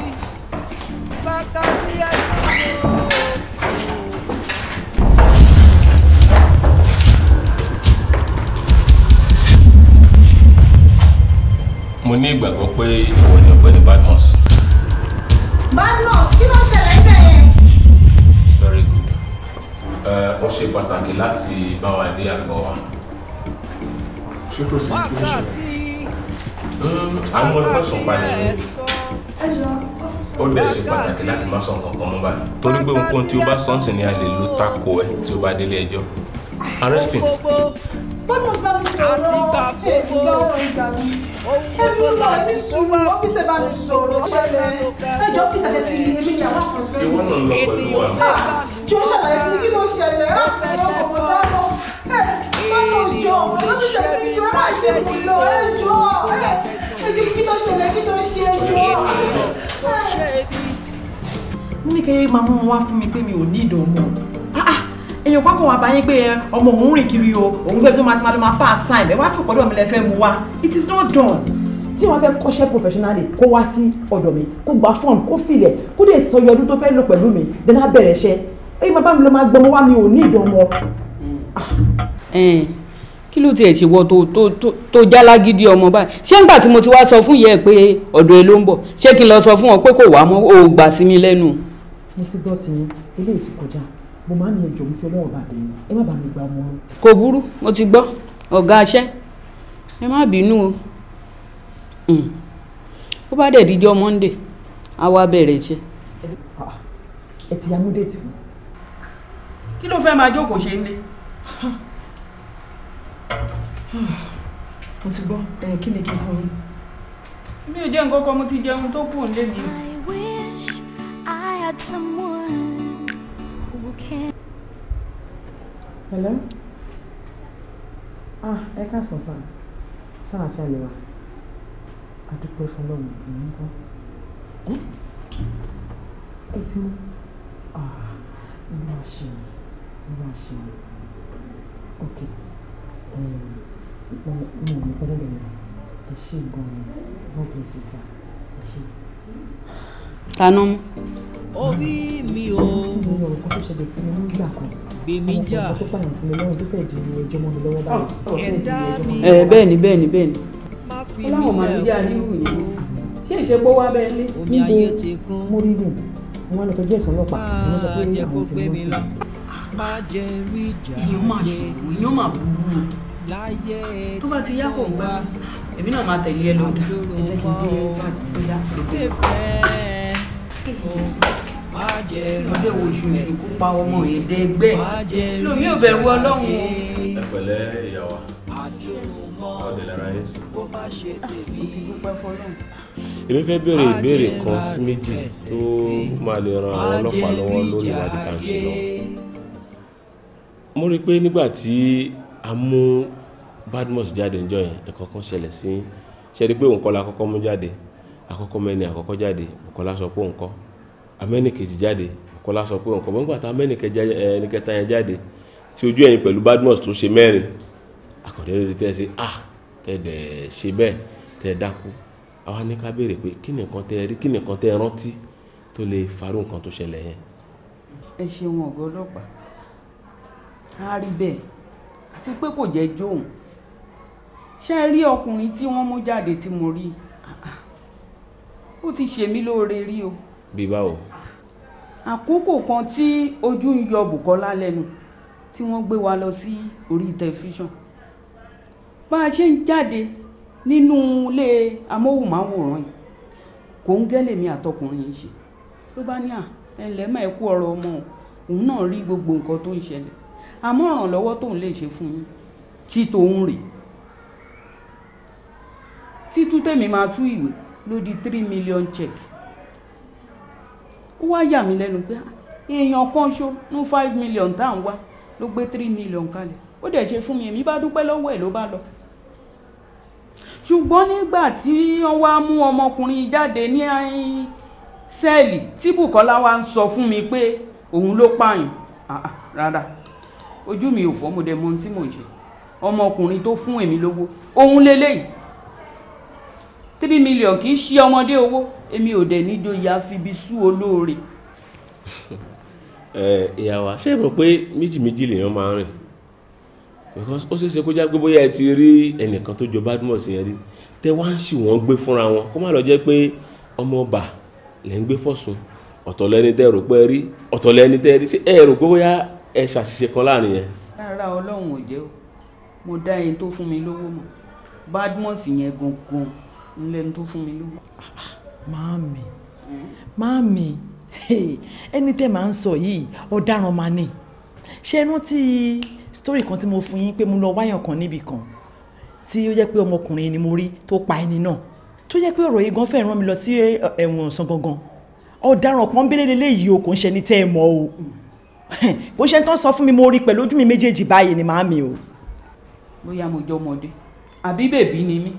wákàtí ẹ̀sọ́. mo ní ìgbàgbọ́ pé ìwọ ni ọ̀gbẹ́ni Badmus bad nurse kí ló ń ṣẹlẹ̀ bẹ́ẹ̀ yẹn. very good wọ́n ṣe pàtàkì láti bá wa dé àgọ́ wa. ṣé kò sí kí ló ṣẹlẹ̀. àwọn ọmọ ẹ̀fọ́ sùn palẹ̀ ní. ó dẹ̀ ṣe pàtàkì láti má sọ nǹkan kan mọ́ báyìí torí pé ohunkóhun tí o bá sọ ń sìn ní a lè lo ẹ tí o bá délé ẹjọ́ arresting. bọ́dún bá mi sọ̀rọ̀ ẹ̀dá ìgbà mi ẹnu lọ ti sùúrù ọ́fíìsì bá mi sọ̀rọ̀ ṣẹlẹ̀ ẹjọ́ ọ́fíìsì àti ti èmi ni àwọn àkànṣe. ìwọ náà ń lọ pẹ̀lú wa. jọ ṣàlàyé fún mi kí ló ṣẹlẹ̀ ọ̀pọ̀ ọ̀pọ̀ dábọ̀ ẹ̀ lọ́nà ìjọ ọ́fíìsì àti ti sọ̀rọ̀ máa ṣe mú lọ ẹjọ́ ẹ̀ kí ló ṣẹlẹ̀ kí ló ṣe ẹjọ́ mo ní kí ẹ máa mú wa fún mi pé mi ò ní ìdánwò ah, ah èèyàn kọ́kọ́ wà báyìí pé ọmọ òun rìn kiri o òun fẹ́ fi tó máa ti máa lọ máa pass time ẹ wá fi pọ̀dọ̀ mi lẹ fẹ́ mu wá it is not done tí wọ́n fẹ́ kọ́ṣẹ́ professionally kó wá sí ọ̀dọ̀ mi kó gba form kó filẹ̀ kó dé sọ iye ọdún tó fẹ́ lò pẹ̀lú mi then á bẹ̀rẹ̀ iṣẹ́ ẹ̀yin bàbá mi lọ máa gbọmọ wá mi ò ní ìdánwò. kí ló tiẹ̀ ṣe wọ tó jálágídí ọmọ báyìí ṣé ńgbà tí mo ti wá sọ fún yẹ pé ọ̀dọ̀ ẹ ló ń o gbà sí mi lẹ́nu. mo ti gbọ́ mo máa mi ẹjọ́ mi fi ọlọ́run bá bẹ̀rù ẹ má bà mí gba ọmọ. kò burú mo ti gbọ́ ọ̀gá aṣẹ́ ẹ má bínú o hmm. ó bá dẹ̀ díjọ́ monday á wá bẹ̀rẹ̀ iṣẹ́. Ah, ẹ ti ya múdètì fún. kí ló fẹ́ máa jókòó ṣe ń lé. mo ti gbọ́ ẹ kí ni kí n fún yín. mi ò jẹ́ nǹkan kan mo ti jẹun tó kù ń lé mi. I wish I had someone. Hello? Ah, ẹ káàsán sá. Ṣáàfíà lè wà. Àdúpẹ́ fọlọ́run èyí ń kọ́. Ẹ ẹ It's mú. Ah, mo máa ṣe no, Mo máa ṣe o. Ok. Mi No ní pẹ́ lọ́dọ̀ mi. Ẹ ṣé gan-an. God bless you, sir. Ẹ ṣé tanú mú. orí mi ò. tí mi ọ̀rọ̀ kan tó ṣẹlẹ̀ sí mi nígbà kan gbèmí jà ọmọ tó pààyàn sí mi lọ́rùn tó fẹ́ẹ́ di ẹjọ́ mọ́ mi lọ́wọ́ báyìí. ẹ̀dá mi ẹ bẹ́ẹ̀ ni bẹ́ẹ̀ ni bẹ́ẹ̀ ni. ó máa ń yá nírú yìí ṣé ìṣepọ̀ wá bẹ́ẹ̀ ní. omi ayé ti kún. mo rí dùn wọn lọ tọjú ẹ̀sán tó bá ti yá kò ń gbá èmi náà máa tẹ̀lé ẹ lọ́dà ẹ jẹ́ kí n dé ẹ gbàgbé yá ọdẹ wo kó pa ọmọ yẹn dẹgbẹ lómi ò bẹ̀rù Ọlọ́run o. ẹ pẹ̀lẹ́ ìyá wa ọdẹ lára yẹn sí. mo ti dúpẹ́ fọ́lọ́run. èmi fẹ́ béèrè ìbéèrè kan sí méjì tó máa lè ran àwọn ọlọ́pàá lọ́wọ́ lórí ìwádìí tá à ń ṣe lọ. mo rí i pé nígbà tí a mú Badmus jáde níjọ́ yẹn ẹ̀kọ́ kan ṣẹlẹ̀ sí ṣe pé òun kọ́ la kọ́kọ́ mú jáde àkọ́kọ́ mẹ́ni àkọ́kọ́ jáde Bùkọ́lá sọ pé òun kọ́ amẹ́ni kejì jáde Bùkọ́lá sọ pé òun kọ́ bọ́ńgbà tá amẹ́ni kẹta yẹn jáde tí ojú ẹ̀yìn pẹ̀lú Badmus tó ṣe mẹ́rin àkọ́dé lórí tẹ́ ẹ ṣe ah tẹ́ ẹ dẹ̀ ṣe bẹ́ẹ̀ tẹ́ ẹ dákú àwa ní ká béèrè pé kí nìkan tẹ́ ẹ rí kí nìkan tẹ́ ẹ rántí tó lè farú nǹkan tó ṣẹlẹ̀ yẹn. ẹ ṣeun ọ̀gá ọlọ́pàá á rí bẹ́ẹ̀ àti pé kò jẹ́ jóun ṣé ẹ rí ọkùnrin tí wọ́n mú jáde tí mo rí i ó ti ṣe mí lóore rí o. bí báwo. àkókò kan tí ojú ń yọ Bùkọ́lá lẹ́nu tí wọ́n gbé wa lọ sí orí tẹlifíṣàn bá a ṣe ń jáde nínú ilé amóhùnmáwòrán yìí kò ń gẹ́lẹ̀ mi àtọkùnrin yìí ṣe ló bá ní à ẹnlẹ́ máa kú ọ̀rọ̀ ọmọ òun náà rí gbogbo nǹkan tó ń ṣẹlẹ̀ àmọ́ ìrànlọ́wọ́ tóun lè ṣe fún yín tí tòun rè títú tèmi máa tú ìwé ló di three million check ó wá yà mí lẹ́nu pé ah, èèyàn kan ṣo ní five million tá à ń wá ló gbé three million kalẹ̀ ó dẹ̀ ṣe fún mi èmi bá dúpẹ́ lọ́wọ́ ẹ̀ ló bá lọ ṣùgbọ́n nígbà tí wọ́n wá mú ọmọkùnrin jáde ní sẹ́ẹ̀lì tí Bùkọ́lá wá ń sọ fún mi pé òun ló pààyàn ah, ah, rárá ojú mi ò fọ́ mo dẹ̀ mọ ohun tí mò ń ṣe ọmọkùnrin tó fún èmi lówó òun lélẹ́yìí three million kì í ṣe ọmọdé owó èmi ò dẹ̀ níjòyè àfibi sú olóore. ẹ ìyá wa ṣé mọ̀ pé méjì méjì lèèyàn máa rìn because ó ṣeéṣe kó jágbé bóyá ẹ ti rí ẹnìkan tó jọ badmus yẹn rí tẹ wá ń ṣì wọ́n gbé fúnra wọn kó má lọ jẹ́ pé ọmọ ọba lẹ́ ń gbé fọ̀sùn ọ̀tọ̀ lẹni tẹ́ rò pé ẹ rí ọ̀tọ̀ lẹni tẹ́ rí ṣé ẹ rò pé bóyá ẹ ṣàṣìṣe kan láàrin yẹn. rárá ọlọ́run ò jẹ́ o mo dá ẹni tó fún mi lówó mọ̀ badmus yẹn gangan lẹ́nu tó fún mi lówó. máàmì hmm. máàmì ẹni tẹ́ máa ń sọ yìí ọ̀daràn máa ní ṣé rántí story kan tí mo fún yín pé mo lọ wáyàn kan níbì kan tí ó jẹ́ pé ọmọkùnrin ni mo rí tó pa ẹni náà tó jẹ́ pé ọ̀rọ̀ yìí gan fẹ́ rán mi lọ sí ẹ̀wọ̀n ọ̀sán gangan ọ̀daràn kan bẹ́lẹ̀ lélẹ́yìí o kò ń ṣe ní tẹ́ ẹ mọ́ o bó ṣe ń tán sọ fún mi mo rí pẹ̀lú ojú mi méjèèjì báyìí ni màámi o. bóyá mo jẹ́ ọmọdé àbí bèbí ni mí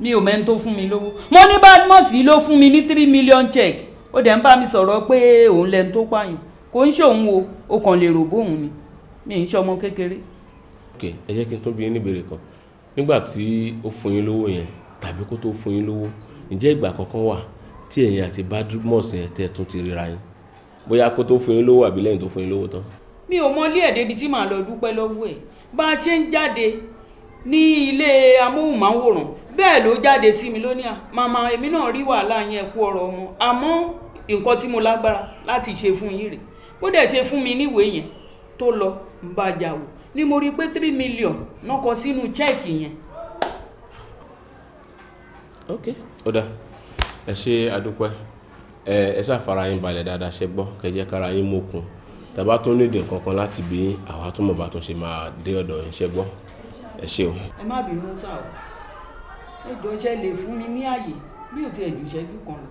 mi ò mẹ́ni tó fún mi lówó mo ní Badmus ló fún mi ní three million check ó dẹ̀ ń bá mi sọ̀rọ̀ pé òun lẹ́nu tó pààyàn kò ń ṣòun o o kàn lè rò bóun ni mi ń ṣọmọ kékeré. ok ẹ jẹ́ kí n tó bi yín ní ìbéèrè kan nígbà tí ó fún yín lówó yẹn tàbí kó tó fún yín lówó ǹjẹ́ ìgbà kankan wà tí ẹ̀yin àti Badmus yẹn tẹ́ tún ti ríra yín bóyá kó tó fún yín lówó àbí lẹ́yìn tó fún yín lówó tán. mi ò mọ ilé ẹ̀ débi tí màá lọ dúpẹ́ lọ́wọ́ ẹ̀ bá a ṣe ń jáde ní ilé amóhùnmáwòrán bẹ́ẹ̀ ló jáde sí mi lónìí à màmá èmi náà rí wàhálà yẹn kú ọ̀rọ̀ ọmọ àmọ́ nǹkan tí mo lágbára láti ṣe fún yín rèé bó dẹ̀ ṣe fún mi níwèé yẹn tó lọ ń bá jà wò ni mo rí i pé three million náà sínú chẹ́ẹ̀kì yẹn. ok ó dáa ẹ ṣe àdúpẹ́ ẹ ẹ ṣàfara yín balẹ̀ dáadáa ṣe gbọ́ kẹjẹ kára yín mókun tàbá tó nídìí nǹkan kan láti bí àwa tó mọ̀ bá tó ṣe máa dé ọ̀dọ̀ yín ẹ ṣeun. ẹ má bínú sá o ẹ jọ ṣe lè fún mi ní àyè bí ò ti ẹ̀jú ṣẹ́jú kan lọ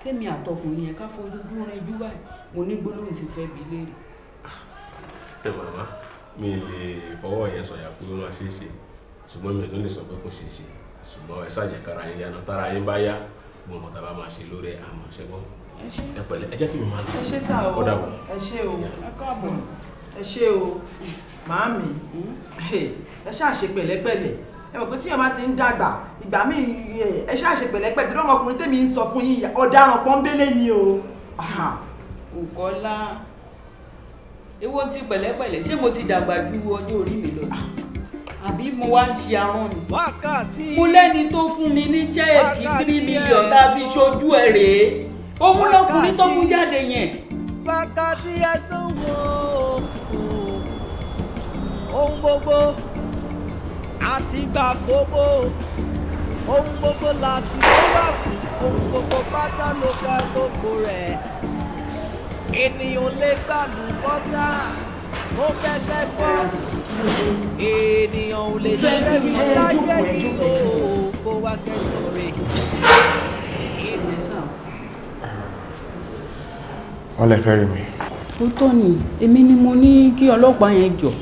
kémi àtọkùnrin yẹn ká fojú dúrin jú báyìí mo ní gbólóhùn ti fẹ́ bi léèrè. ẹ màmá mi lè fọwọ́ yẹn sọ̀yà pé ó máa ṣe é ṣe ṣùgbọ́n mi ò tún lè sọ pé kò ṣe é ṣe ṣùgbọ́n ẹ ṣàjẹ́ kára yín yanu tára yín bá yá mo mọ̀ tàbá máa ṣe lórí àmọ́ ṣẹ́gbọ́n ẹ pẹ̀lẹ́ ẹ jẹ́ kí mi máa lọ. ẹ ṣe sá o ẹ ṣe o ẹ káàbọ̀ ẹ ṣe o màámi hmm? ẹ ṣáà ṣe pẹ̀lẹ́pẹ̀lẹ́ ẹ mọ̀ pé tíyàn bá ti ń dàgbà ìgbà míì ẹ ṣáà ṣe pẹ̀lẹ́pẹ̀lẹ́ tó lọ́mọkùnrin tèmi ń sọ fún yín ọ̀daràn pọ́ńbélé ni o. òkọ́lá èwo ti pẹ̀lẹ́pẹ̀lẹ́ ṣé mo ti dàgbà ju ọjọ́ orí mi lọ ah. àbí mo wá ń ṣe ahọ́n ni. wákàtí mo lẹ́ni tó fún mi ní jẹ́ẹ̀kì tírí mílíọ̀n tá a fi ṣojú ẹ̀ rèé òun lọkùnrin tó mú jáde yẹn. wákàtí ẹ̀sán wo ohun gbogbo àti gbà gbogbo ohun gbogbo lásìkò wà fún ohun gbogbo pátá ló gba gbogbo rẹ̀ ènìyàn lè gbàlù bọ́sà ó fẹ́fẹ́ fọ́ ènìyàn ò lè jẹ́rẹ́ mi láyé yìí kó wá kẹsàn-án rè. wọ́n lè mi. ó tọ́ ni èmi ni mo ní kí ọlọ́pàá yẹn jọ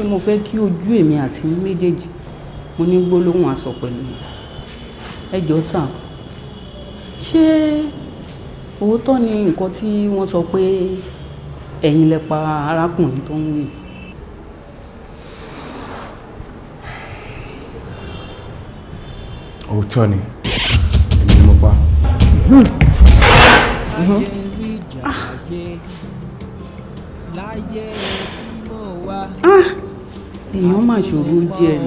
pé mo fẹ́ kí ojú èmi àti méjèèjì mo ní gbólóhùn aṣọ pẹ̀lú ẹ jọ sàn ṣé òótọ́ ni nǹkan tí wọ́n sọ pé ẹ̀yin lẹ pa arákùnrin tó ń wí. òótọ́ ni èmi ni mo pa. láyé tí mo wá èèyàn mà ṣòro jẹ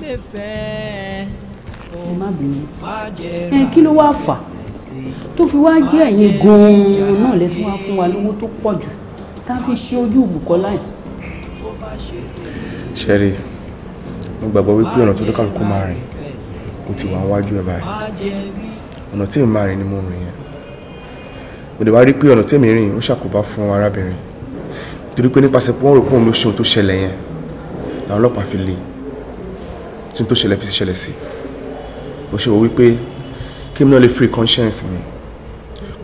rè ẹ má bínú ẹ kí ló wá fà tó fi wá jẹ́ ẹ̀yin gan-an náà lẹ tún wá fún wa lówó tó pọ̀ jù tá a fi ṣe ojú Bùkọ́lá yìí. ṣẹ́rí mo gbàgbọ́ wípé ọ̀nà tó dọ́kà kó máa rìn kò ti wà wájú ẹ̀ báyìí ọ̀nà tí mi máa rìn ni mo rìn yẹn mo dẹ̀ wá rí pé ọ̀nà tí mi rìn ó ṣàkóbá fún arábìnrin torí pé nípasẹ̀ pé rò pé ló ṣe ohun tó ṣẹlẹ̀ yẹn làwọn ọlọ́pàá fi lé e. tí n tó ṣẹlẹ̀ fi ṣẹlẹ̀ sí mo ṣe wò wípé kí mi náà lè free conscience mi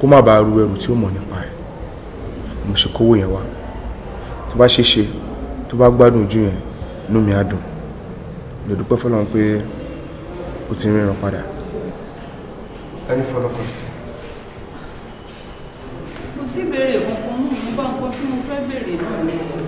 kó má bàa ru ẹrù tí ó mọ̀ nípa ẹ̀ mo ṣe kówó yẹn wá tó bá ṣe ṣe tó bá gbádùn ojú yẹn inú mi á dùn mo dúpẹ́ fọlọ́run pé ó ti ríran padà. any further question. kò sí ìbéèrè kankan mú mi bá nǹkan tí mo fẹ́ béèrè náà lọ́wọ́.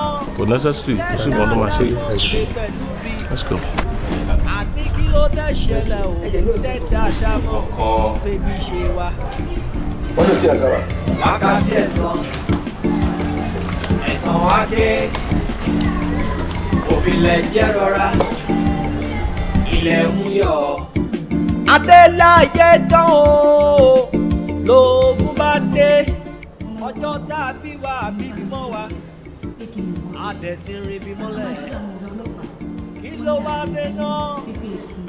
kò necessary kò sí nǹkan tó máa let's go. àní kí ló dé ṣẹlẹ̀ o tẹ́ rọra ilẹ̀ ń yọ. adéláyé tán o lóògùn bá dé ọjọ́ tá a bí wa àbí mọ́ wa adẹ̀ ti rin bí mọ́lẹ̀. kí ló wá dé náà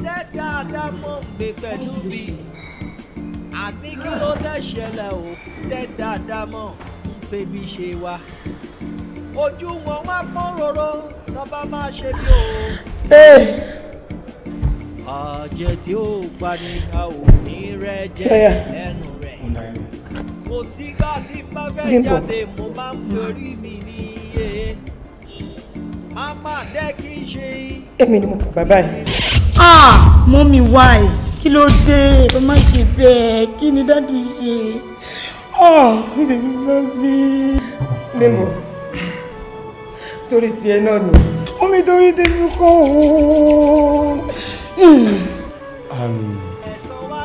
dẹ́gbẹ́ àdámọ̀ gbé pẹ̀lú bí. àní kí ló dé ṣẹlẹ̀ o dẹ́gbẹ́ àdámọ̀ ń pè bí ṣe wa. ojú wọn wá pọ́n roro lọ́ba máa ṣe bí o. ọ̀jẹ̀ tí ó pani a ò ní rẹ́ jẹ́ lẹ́nu rẹ̀ kò sígbà tí bá fẹ́ jáde mo máa ń forí mi ní a máa dẹ́ kí n ṣe. èmi ni mo kà bàbá yìí. ah mọ́mí wáì kí ló dé ẹ má ṣe bẹ́ẹ̀ kí ni dáàdi ṣe ọ́ bíbí bá bí. mímọ torí tiẹ̀ náà nù omi torí tẹ̀sí kọ́ ooo. Hmm. Um,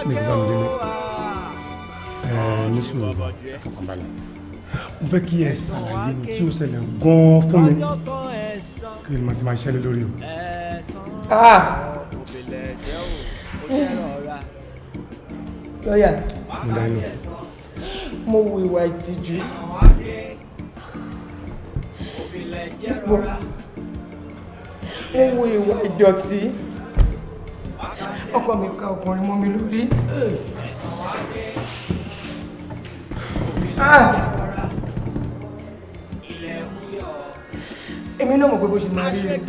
Miss Bamidele ẹ eh, ní sùúrù fọkànbalẹ̀ mo fẹ́ kí ẹ ṣàlàyé mi tí ó ṣẹlẹ̀ gan-an fún mi kí ni mo ti máa ṣẹlẹ̀ lórí o. Ah! lọ́yà mo wo ìwà ìtìjú mo wo ìwà ìdọ̀tí ọkọ mi ka ọkùnrin mọ́ mi lórí. Ah! èmi náà mọ̀ pé bó ṣe máa rí rẹ̀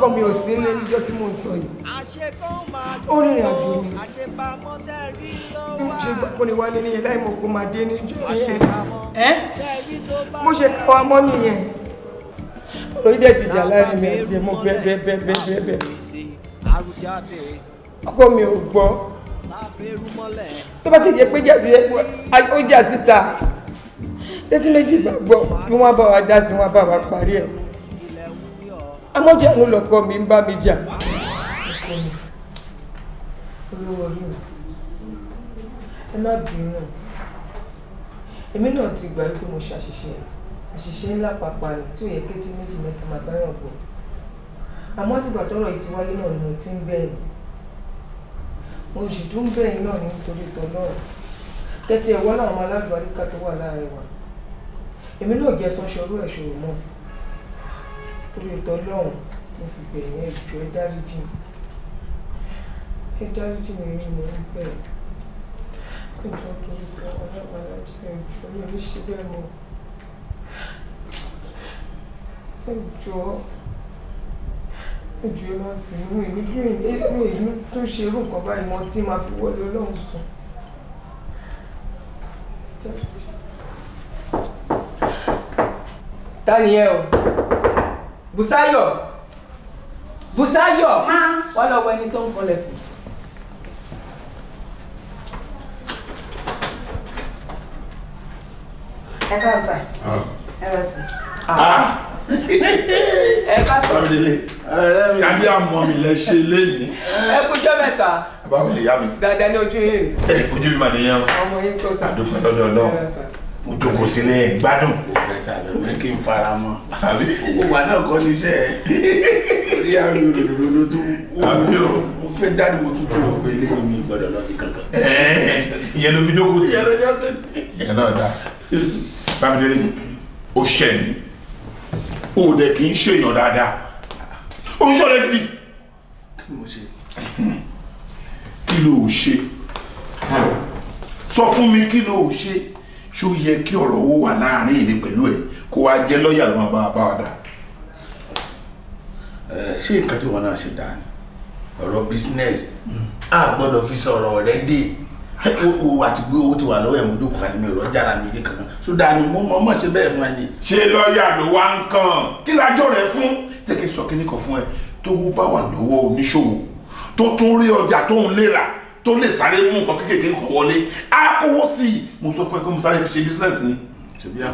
kọ́ mi ò sí ilé níjọ́ tí mò ń sọ yìí ó rìnrìn àjò ni bí mo ṣe gbà kó ni wálé níyẹn láì mọ̀ kó máa dé níjọ́ yẹn ẹ́ mo ṣe ká wa mọ́ nìyẹn ọ̀rọ̀ yìí dẹ̀ dìjà láàrin mi àti ẹ̀ mọ́ bẹ́ẹ̀bẹ́ẹ̀bẹ́ẹ̀bẹ́ẹ̀ ọkọ mi ò gbọ́ tó bá ti jẹ́ pé ó jà síta létí méjì gbàgbọ́ bí wọ́n bá wa dá sí wọ́n bá wa parí ẹ̀ amọ́jànú lọ́kọ mi ń bá mi jà. ẹ má bínú èmi náà ti gbà pé mo ṣàṣìṣe àṣìṣe ńlá pàápàá ni tí ò yẹ kétí méjì mẹ́ta máa bá yàn gbọ́ àmọ́ àtìgbà tọ́rọ̀ yìí ti náà ni mo ti ń bẹ̀yìn mo sì tún bẹ̀yìn náà nítorí tọ́ náà kẹ́tì ẹ̀wọ́ làwọn alágbàríkà tó wà láàrin wa èmi náà jẹ́ sọ́ṣọ́rú ẹ̀ṣọ́rò mọ́ torí ìtọ́ lọ́hùn mo fi bẹ̀rẹ̀ ẹ̀jọ́ ẹ dáríjì mi ẹ dáríjì mi èyí mo ń bẹ̀rẹ̀ ẹjọ́ torí pé ọlọ́pàá láti ẹjọ́ mi ò ṣe bẹ́ẹ̀ mọ́ ẹjọ́ ẹjọ́ ẹ máa bínú èmi bí èmi èmi tó ṣe irú nǹkan báyìí mo ti máa fi wọlé ọlọ́run sùn. Thank Daniel Busayo, Bùsáyọ̀ wọ́n lọ wọ ẹni tó ń kọlẹ̀ kù. ẹ káàbọ̀ sà ah. ẹ rẹ sí. Ah. Ah. ẹ ká sọ. ọ̀rẹ́ mi àbí àmọ́ mi lẹ ṣe léyìn. ẹ kújọ́ mẹ́ta. báwo lè yá mi. dáadáa ní ojú yìí. ẹ ojú mi mà nìyẹn. ọmọ yín tó sà. àdúgbò lọ́dọ̀ náà mo jókòó sílẹ̀ gbádùn. bẹ́ẹ̀ kí n fara mọ́ owó wa náà kọ́ níṣẹ́ orí àmì olódodo tó wù ú mo fẹ́ dání mo tútù wọ̀ pé ilé mi gbọ́dọ̀ lọ bí kankan. ìyẹn ló fi dókòó tì. ìyẹn náà dá bámidélé ó ṣẹ̀ mí ó kì í ṣèyàn dáadáa ó ń ṣọ̀rẹ́ gidi. kí ló ṣe. kí ló ṣe sọ fún mi kí ló ṣe ṣó yẹ kí ọ̀rọ̀ owó wà láàrin èmi pẹ̀lú ẹ̀ kó wá jẹ́ lọ́ọ̀yà ló máa bá wa bá wa dà. ṣé nǹkan tí wọn náà ṣe dáa ni ọ̀rọ̀ business a gbọ́dọ̀ fi sọ̀rọ̀ rẹ̀ dé owó àti gbé owó ti wà lọ́wọ́ ẹ̀mú dùkú àti mi ò rọ́jà ra mi ilé kankan tó dáa ni mo mọ̀ ṣe bẹ́ẹ̀ fún ẹni. ṣé lọ́ọ̀yà ló wá ń kàn kí lájọ́ rẹ̀ fún tẹ́kí sọ kíní fún ẹ tó bá wà lọ́wọ́ oníṣòwò tó tún rí ọjà tó ń lè rà tó lè sáré mú nǹkan kéékèèké kan wọlé á kówó sí i mo sọ fún ẹ pé mo sáré fi ṣe business ni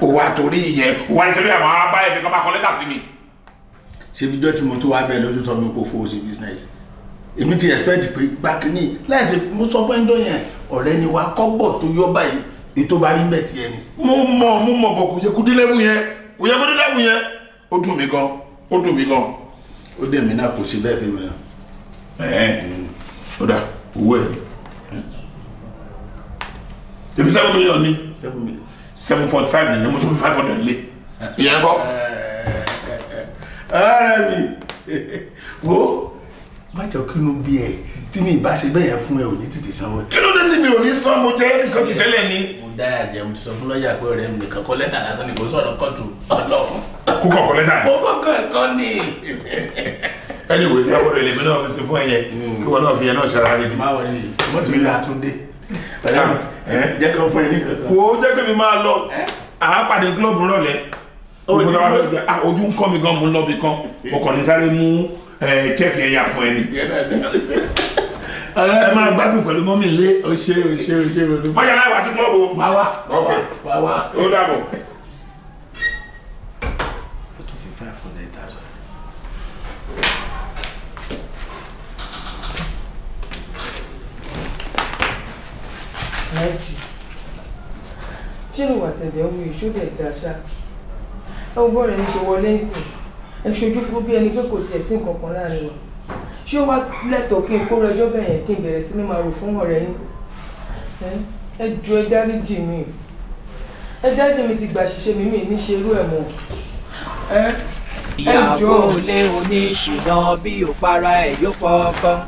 kò wá torí ìyẹn kò wá nítorí àwọn ará ẹ̀mí kan máa kọ lẹ́tà sí mi. ṣebí jọ́ tí mo tó wá bẹ́ẹ̀ lójú sọ mi kò fowó ṣe business èmi ti expect pé ni. láì ṣe mo sọ fún ẹ dọ́yẹn ọ̀rẹ́ ni wa kọ́bọ̀ tó yọ báyìí ètò bá rí ń bẹ̀ tiẹ̀ ni. mo mọ mo mọ bọ kò yẹ kó dé level yẹn kò yẹ kó dé level yẹn ó dùn mí gan ó dùn mí gan. ó dẹ̀ mí náà kò ṣe bẹ́ẹ̀ fẹ́ mi náà. ẹ̀ẹ́n ó dà owó ẹ̀ ebi seven million ni seven million seven point five nìyẹn mo tún fi five hundred lé ìyẹn kọ́. ara mi wo má jẹ́ kí inú bí ẹ tí mi ìbá ṣe bẹ́ẹ̀ yẹn fún ẹ ò ní tètè sanwó. kí ló dé tí mi ò ní san mo jẹ́ nìkan ti tẹ́lẹ̀ ni. mo dá àjẹ mo ti sọ fún lọ́ọ̀yà pé ọ̀rẹ́ mi nìkan kọ lẹ́tà lásán nìkan sọ̀rọ̀ kọ́tù ọ̀dọ̀. kó kọ̀ kọ́ lẹ́tà. mo kọ́kọ́ ẹ̀kọ́ ni. ẹni wo ìfẹ́ wọlé lèmi náà fi ṣe fún ẹyẹ mm. kí wọn náà fi yẹn náà ṣe ara rẹ ni. má wọlé yìí mo ti rí Àtúndé pẹ̀lẹ́ ah. jẹ́ kan fún ẹni kankan. wo jẹ́ pé mi máa lọ àápàdé gílọ́ọ̀bù rọ̀lẹ́ ojú ń kọ́ mi gan mo ń lọ bi kan mo kàn ní sáré mú chẹ́ẹ̀kì ẹ̀yà fún ẹni. ẹ máa gbádùn pẹ̀lú mọ́mí lé. o ṣe o ṣe o ṣe. wọ́n yàrá ìwà sí gílọ́ọ̀bù. wá wá wá wá. ó dàbọ̀. láìjì ṣírùwà tẹ̀lé ọmọ ìṣúlẹ̀ ìdáṣà ọgbọ́n rẹ̀ ń ṣe wọlé ìsìn ẹ ṣojú fún bí ẹni pé kò tiẹ̀ sí nǹkan kan láàrin wọn ṣé ó wá lẹ́tọ̀ọ́ kí n kó rẹjọ́ bẹ̀ yẹn kí n bẹ̀rẹ̀ sí ní máa rò fún ọ̀rẹ́ yín ẹ ju ẹ dáríjì mi ẹ dáríjì mi ti gbà ṣiṣẹ́ mi mi ní ṣerú ẹ̀ mọ́ ẹ jọ. ìyàwó oníṣìná bí òpara ẹ̀ yóò pọ̀ ọkàn.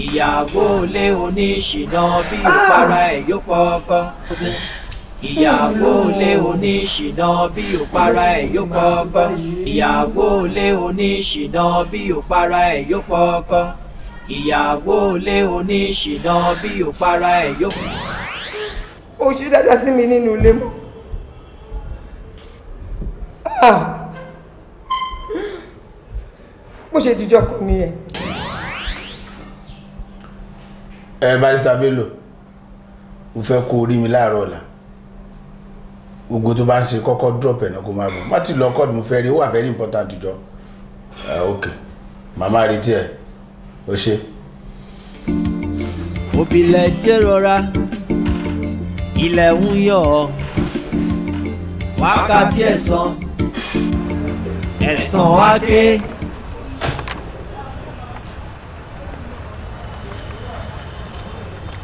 Ah! ìyàwó ilé oníṣìná bí ìpara ẹ̀ yóò pọ̀ ọkọ. ìyàwó ilé oníṣìná bí ìpara ẹ̀ yóò pọ̀ ọkọ. ìyàwó ilé oníṣìná bí ìpara ẹ̀ yóò pọ̀ ọkọ. ìyàwó ilé oníṣìná bí ìpara ẹ̀ yóò pọ̀ ọkọ. ó ṣe dáadáa sí mi nínú ilé mọ́. Ah! bó ṣe dijọ́ kan nìyẹn. ẹ barista bello mo fẹ́ kó orí mi láàárọ̀ ọ̀la gbogbo tó bá ń ṣe kọ́kọ́ drop ẹ̀ kó máa bọ̀ má ti lọ kọ́ọ̀dù mo fẹ́ rí ó wà very important jọ ok màmá retí ẹ o ṣe. òbílẹ̀ jẹ́ rọra ilẹ̀ ń yọ̀ ọ́ wákàtí ẹ̀sán ẹ̀sán wá dé.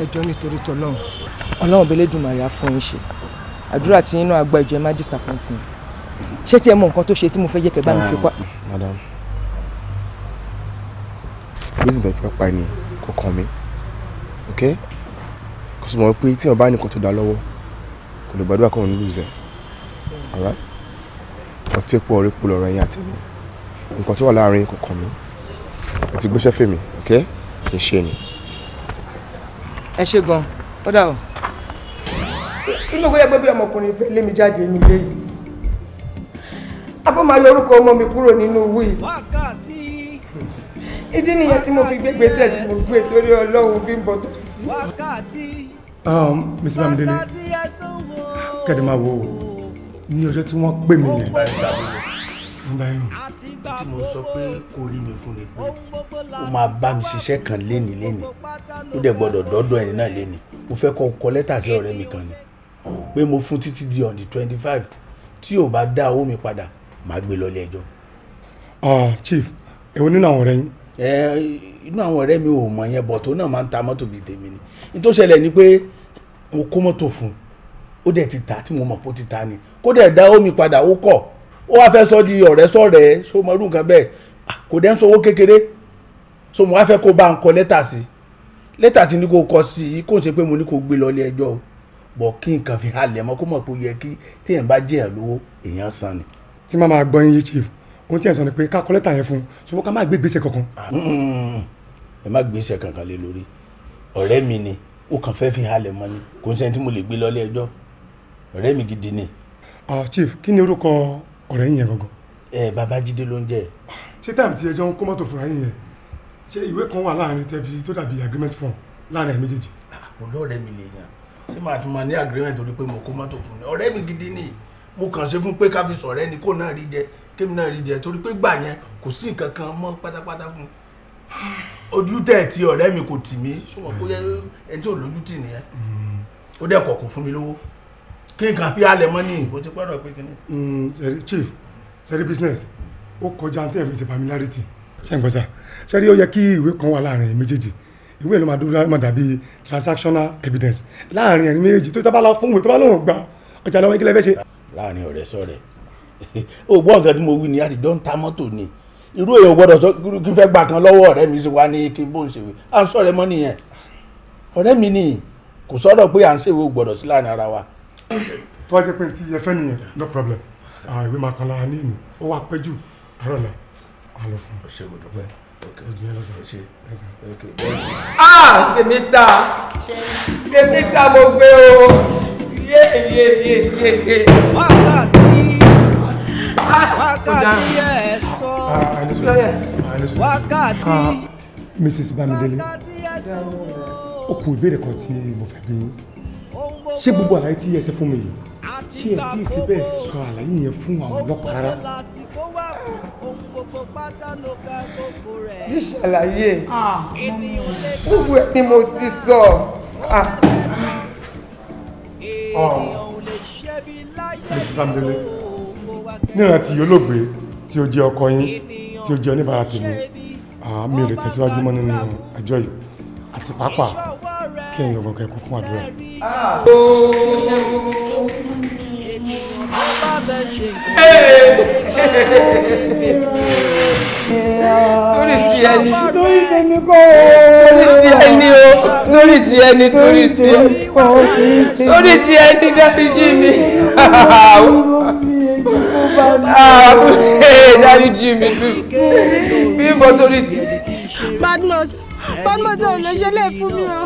ẹjọ́ nítorí tọlọ́run. ọlọ́run bẹ́lẹ́dùnmarè á fún yín ṣe àdúrà tí yín àgbà ìjọ ẹ má disappoint mi ṣé tí ẹ mọ nǹkan tó ṣe tí mo fẹ́ jẹ́ kẹ́ mi fi pa. madam reason tó fi fẹ́ pa ẹni kò kàn mí ok kò sì mọ̀ pé tí wọ́n bá nìkan tó dá lọ́wọ́ kò lè gbàdúrà kó ń lùzẹ̀ alright ọtí epo ọ̀rẹ́ pọ̀ lọ́rọ̀ yín àtẹ̀mí nǹkan tó wà láàárín kò kàn mí ọtí gbéṣẹ́ fèmí ok kì í ṣe ni ẹ ṣe gan ó dà o. inú kó yẹ pé bí ọmọkùnrin fẹ́ lé mi jáde inú ilé yìí abọ́ máa yọ orúkọ ọmọ mi kúrò nínú owó yìí ìdí nìyẹn tí mo fi gbé gbèsè tí mo gbé torí ọlọ́run bí n bọ̀ tó ti. Mr. Um, Bamidele kẹ́ni máa wo ní ọjọ́ tí wọ́n pè mí yẹn báyìí nù. tí mo sọ pé kò rí mi fún ni pé ó máa bá mi ṣiṣẹ́ kan léni léni ó dẹ̀ gbọ́dọ̀ dọ́dọ̀ ẹ̀yìn náà léni mo fẹ́ kọ́ kọ lẹ́tà sí ọ̀rẹ́ mi kan ni pé mo fún títí di on twenty five tí ò bá dá owó mi padà màá gbé lọ ilé ẹjọ́. Ah, chief èwo nínú àwọn ọ̀rẹ́ yín. ẹ inú àwọn ọ̀rẹ́ mi ò mọ̀ yẹn bọ̀ tó náà máa ń ta mọ́tò bíi tèmi ni ní tó ṣẹlẹ̀ ni pé mo kó mọ́tò fún un ó dẹ̀ ti ta tí mo mọ̀ pé ó ti ta ni kó dẹ̀ dá owó mi padà ó kọ̀ ó wá fẹ́ sọ di ọ̀rẹ́ sọ̀rẹ́ ṣó mọ irú nǹkan bẹ́ẹ̀ kò dẹ́n sọ owó kékeré so mo wá fẹ́ kó bá ń kọ lẹ́tà sí lẹ́tà tí ní kò kọ sí i kò ṣe pé mo ní kó gbé lọ ilé ẹjọ́ bọ̀ kí nǹkan fi halẹ̀ mọ́ kó mọ̀ pé ó yẹ kí téèyàn bá jẹ́ ẹ̀ lówó èèyàn san ni. tí màmá gbọ́ yín chief ohun tí ẹ̀ sọ ni pé ká kọ lẹ́tà yẹn fún un ṣùgbọ́n ká má gbé gbèsè kankan. Mm, mm, mm, ẹ má gbèsè kankan lé lórí ọ̀rẹ́ mi ni ó kàn fẹ́ fi halẹ̀ mọ́ ni kò ń sẹ́ni tí mo lè gbé lọ ilé ẹjọ́ ọ̀rẹ́ mi gidi ni. chief kí ni orúkọ ọ̀rẹ́ yìnyẹn gangan. ẹ babájídé ló ń jẹ. ṣé táàmù tí ẹ jẹun kó mọ́tò fúnra yìnyẹn ṣé ìwé kan wà láàrin tẹbi tó dàbí agreement form láàrin ẹ méjèèjì. àpòlọ ah, ọ̀rẹ́ mi lèèyàn ṣé màá tún máa ní agreement torí pé mo kó mọ́tò fún mi ọ̀rẹ́ mi gidi ni mo kàn ṣe fún pé ká fi sọ̀rẹ́ ni kó náà rí jẹ kémi náà rí jẹ torí pé gbà yẹn kò sí nǹkan kan mọ́ pátápátá fún ojú tẹ̀ ti ọ̀rẹ́ mi kò tì mí ṣùgbọ́n kó yẹ ẹni tí ò lójú tì nìyẹn kí nǹkan fi halẹ̀ mọ́ ní ìbò ti pọ́rọ̀ pé kíní. Mm, chief sẹ́rí business ó kọjá tẹ́ ẹ̀ fi ṣe familiarity ṣe ń gbọ́sà sẹ́rí ó yẹ kí ìwé kan wà láàrin méjèèjì ìwé ìlú máa dúró máa dàbí transactional evidence láàrin ẹ̀rín méjèèjì tó tábà lọ fún ìwé tó bá lọ́wọ́ gba ọjà lọ́wọ́ ìkílẹ̀ fẹ́ ṣe. láàrin ọ̀rẹ́ sọ̀rẹ́ o gbọ́ nǹkan tí mo wí ni àti dán ta mọ́tò ni irú èèyàn gbọ́dọ̀ sọ kí fẹ́ gbà kan lọ́wọ́ ọ̀rẹ́ mi wá ní kí n bó ń ṣèwé à ń sọ̀rẹ́ mọ́ nìyẹn ọ̀rẹ́ mi ni kò sọ̀rọ̀ pé à ń ṣèwé gbọ́dọ̀ sí láàrin ara wa tó bá jẹ́ pé ti yẹ fẹ́ nìyẹn no problem ìwé máa kan lára ní ìlú ó wá pẹ́ jù àárọ̀ la a lọ fún un. ṣé o dọ̀bẹ́ ok o jẹ́ lọ́sàn-án ṣe ok bẹ́ẹ̀. Ah, aa tèmi ta tèmi ta mo gbé o yé yé yé yé yé. wákàtí ah, ẹ sọ ah, wákàtí. Mrs. Bamidele ó kù ìbéèrè kan tí mo fẹ́ bí ṣé gbogbo àlàyé tí ẹ ṣe fún mi yìí ṣé ẹ tí ì ṣe bẹ́ẹ̀ sọ àlàyé yẹn fún àwọn ọlọ́pàá rárá. ti ṣàlàyé gbogbo ẹ ni mo ti sọ. mrs lamdele nírántí olóògbé tí ó jẹ́ ọkọ yín tí ó jẹ́ oníbàárà tèmi mi ò lè tẹ̀síwájú mọ́ nínú ẹjọ́ yìí àti pápá kí ẹ̀yin ọ̀gọ̀ kẹ́kọ̀ọ́ fún àdúrà. lórí ti ẹni lórí tèmi kọ́ o lórí ti ẹni o lórí ti ẹni lórí ti ẹni lórí ti ẹni dáríjì mi ah, ah, dáríjì mi bí mo torí ti bámọ́tò ò lè ṣe lè fún mi o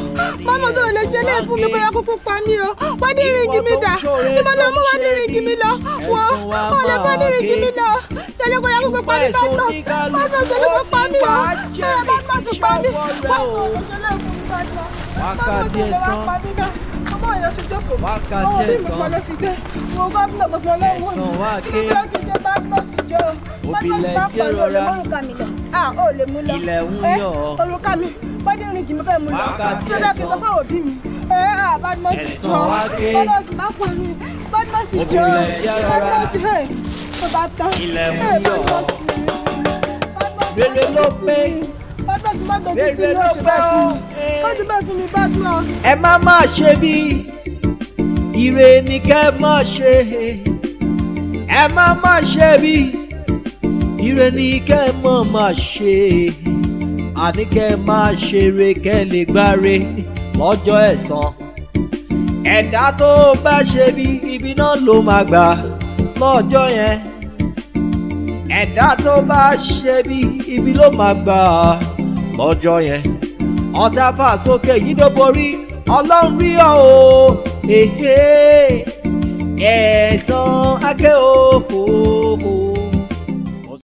bámọ́tò ò lè ṣe lè fún mi bóyá kúkú pa mí o wádìríngì mi dà ìbọn náà mú wádìríngì mi lọ wọ ọ lè wádìríngì mi lọ tẹ̀lé bóyá kúkú pa mí bámọ́tò bámọ́tò ló kó pa mí o bámọ́tò pa mí bámọ́tò ò lè ṣe lè fún mi bámọ́tò bóyá pa mí náà báwo yẹn ṣe jókòó àwọn bí mo pọlọ ti dé wo gómìnà gbogbo lọ́wọ́ mi kí ló kì í ṣe bá gbọ́sì jọ òbílẹ̀ jẹ́ rọra ó lè mú lọ ilẹ̀ ń yọ̀ ọ́ òrùka mi bọ́dí rìn kì í fẹ́ mú lọ sílẹ̀ kì í sọ fún òbí mi bádmọ́sì sọ bádmọ́sì má pọ̀ mí bádmọ́sì jọ bádmọ́sì ẹ̀ tó bá tán ẹ̀ bádmọ́sì rẹ̀ bádmọ́sì rẹ̀ ló pé ẹ má má ṣe bí ire ni kẹ́ má ṣe ẹ má má ṣe bí ire ni kẹ́ mọ̀ má ṣe àní kẹ́ má ṣeré kẹ́ lè gbáre lọ́jọ́ ẹ̀san ẹ̀dá tó bá ṣe bí ibi náà ló máa gbà lọ́jọ́ yẹn ẹ̀dá tó bá ṣe bí ibi ló máa gbà á lọ́jọ́ yẹn ọ̀tá fà sókè yìí ló borí ọlọ́run rí ọ o èhè ẹ̀sán akẹ́ òfòfò.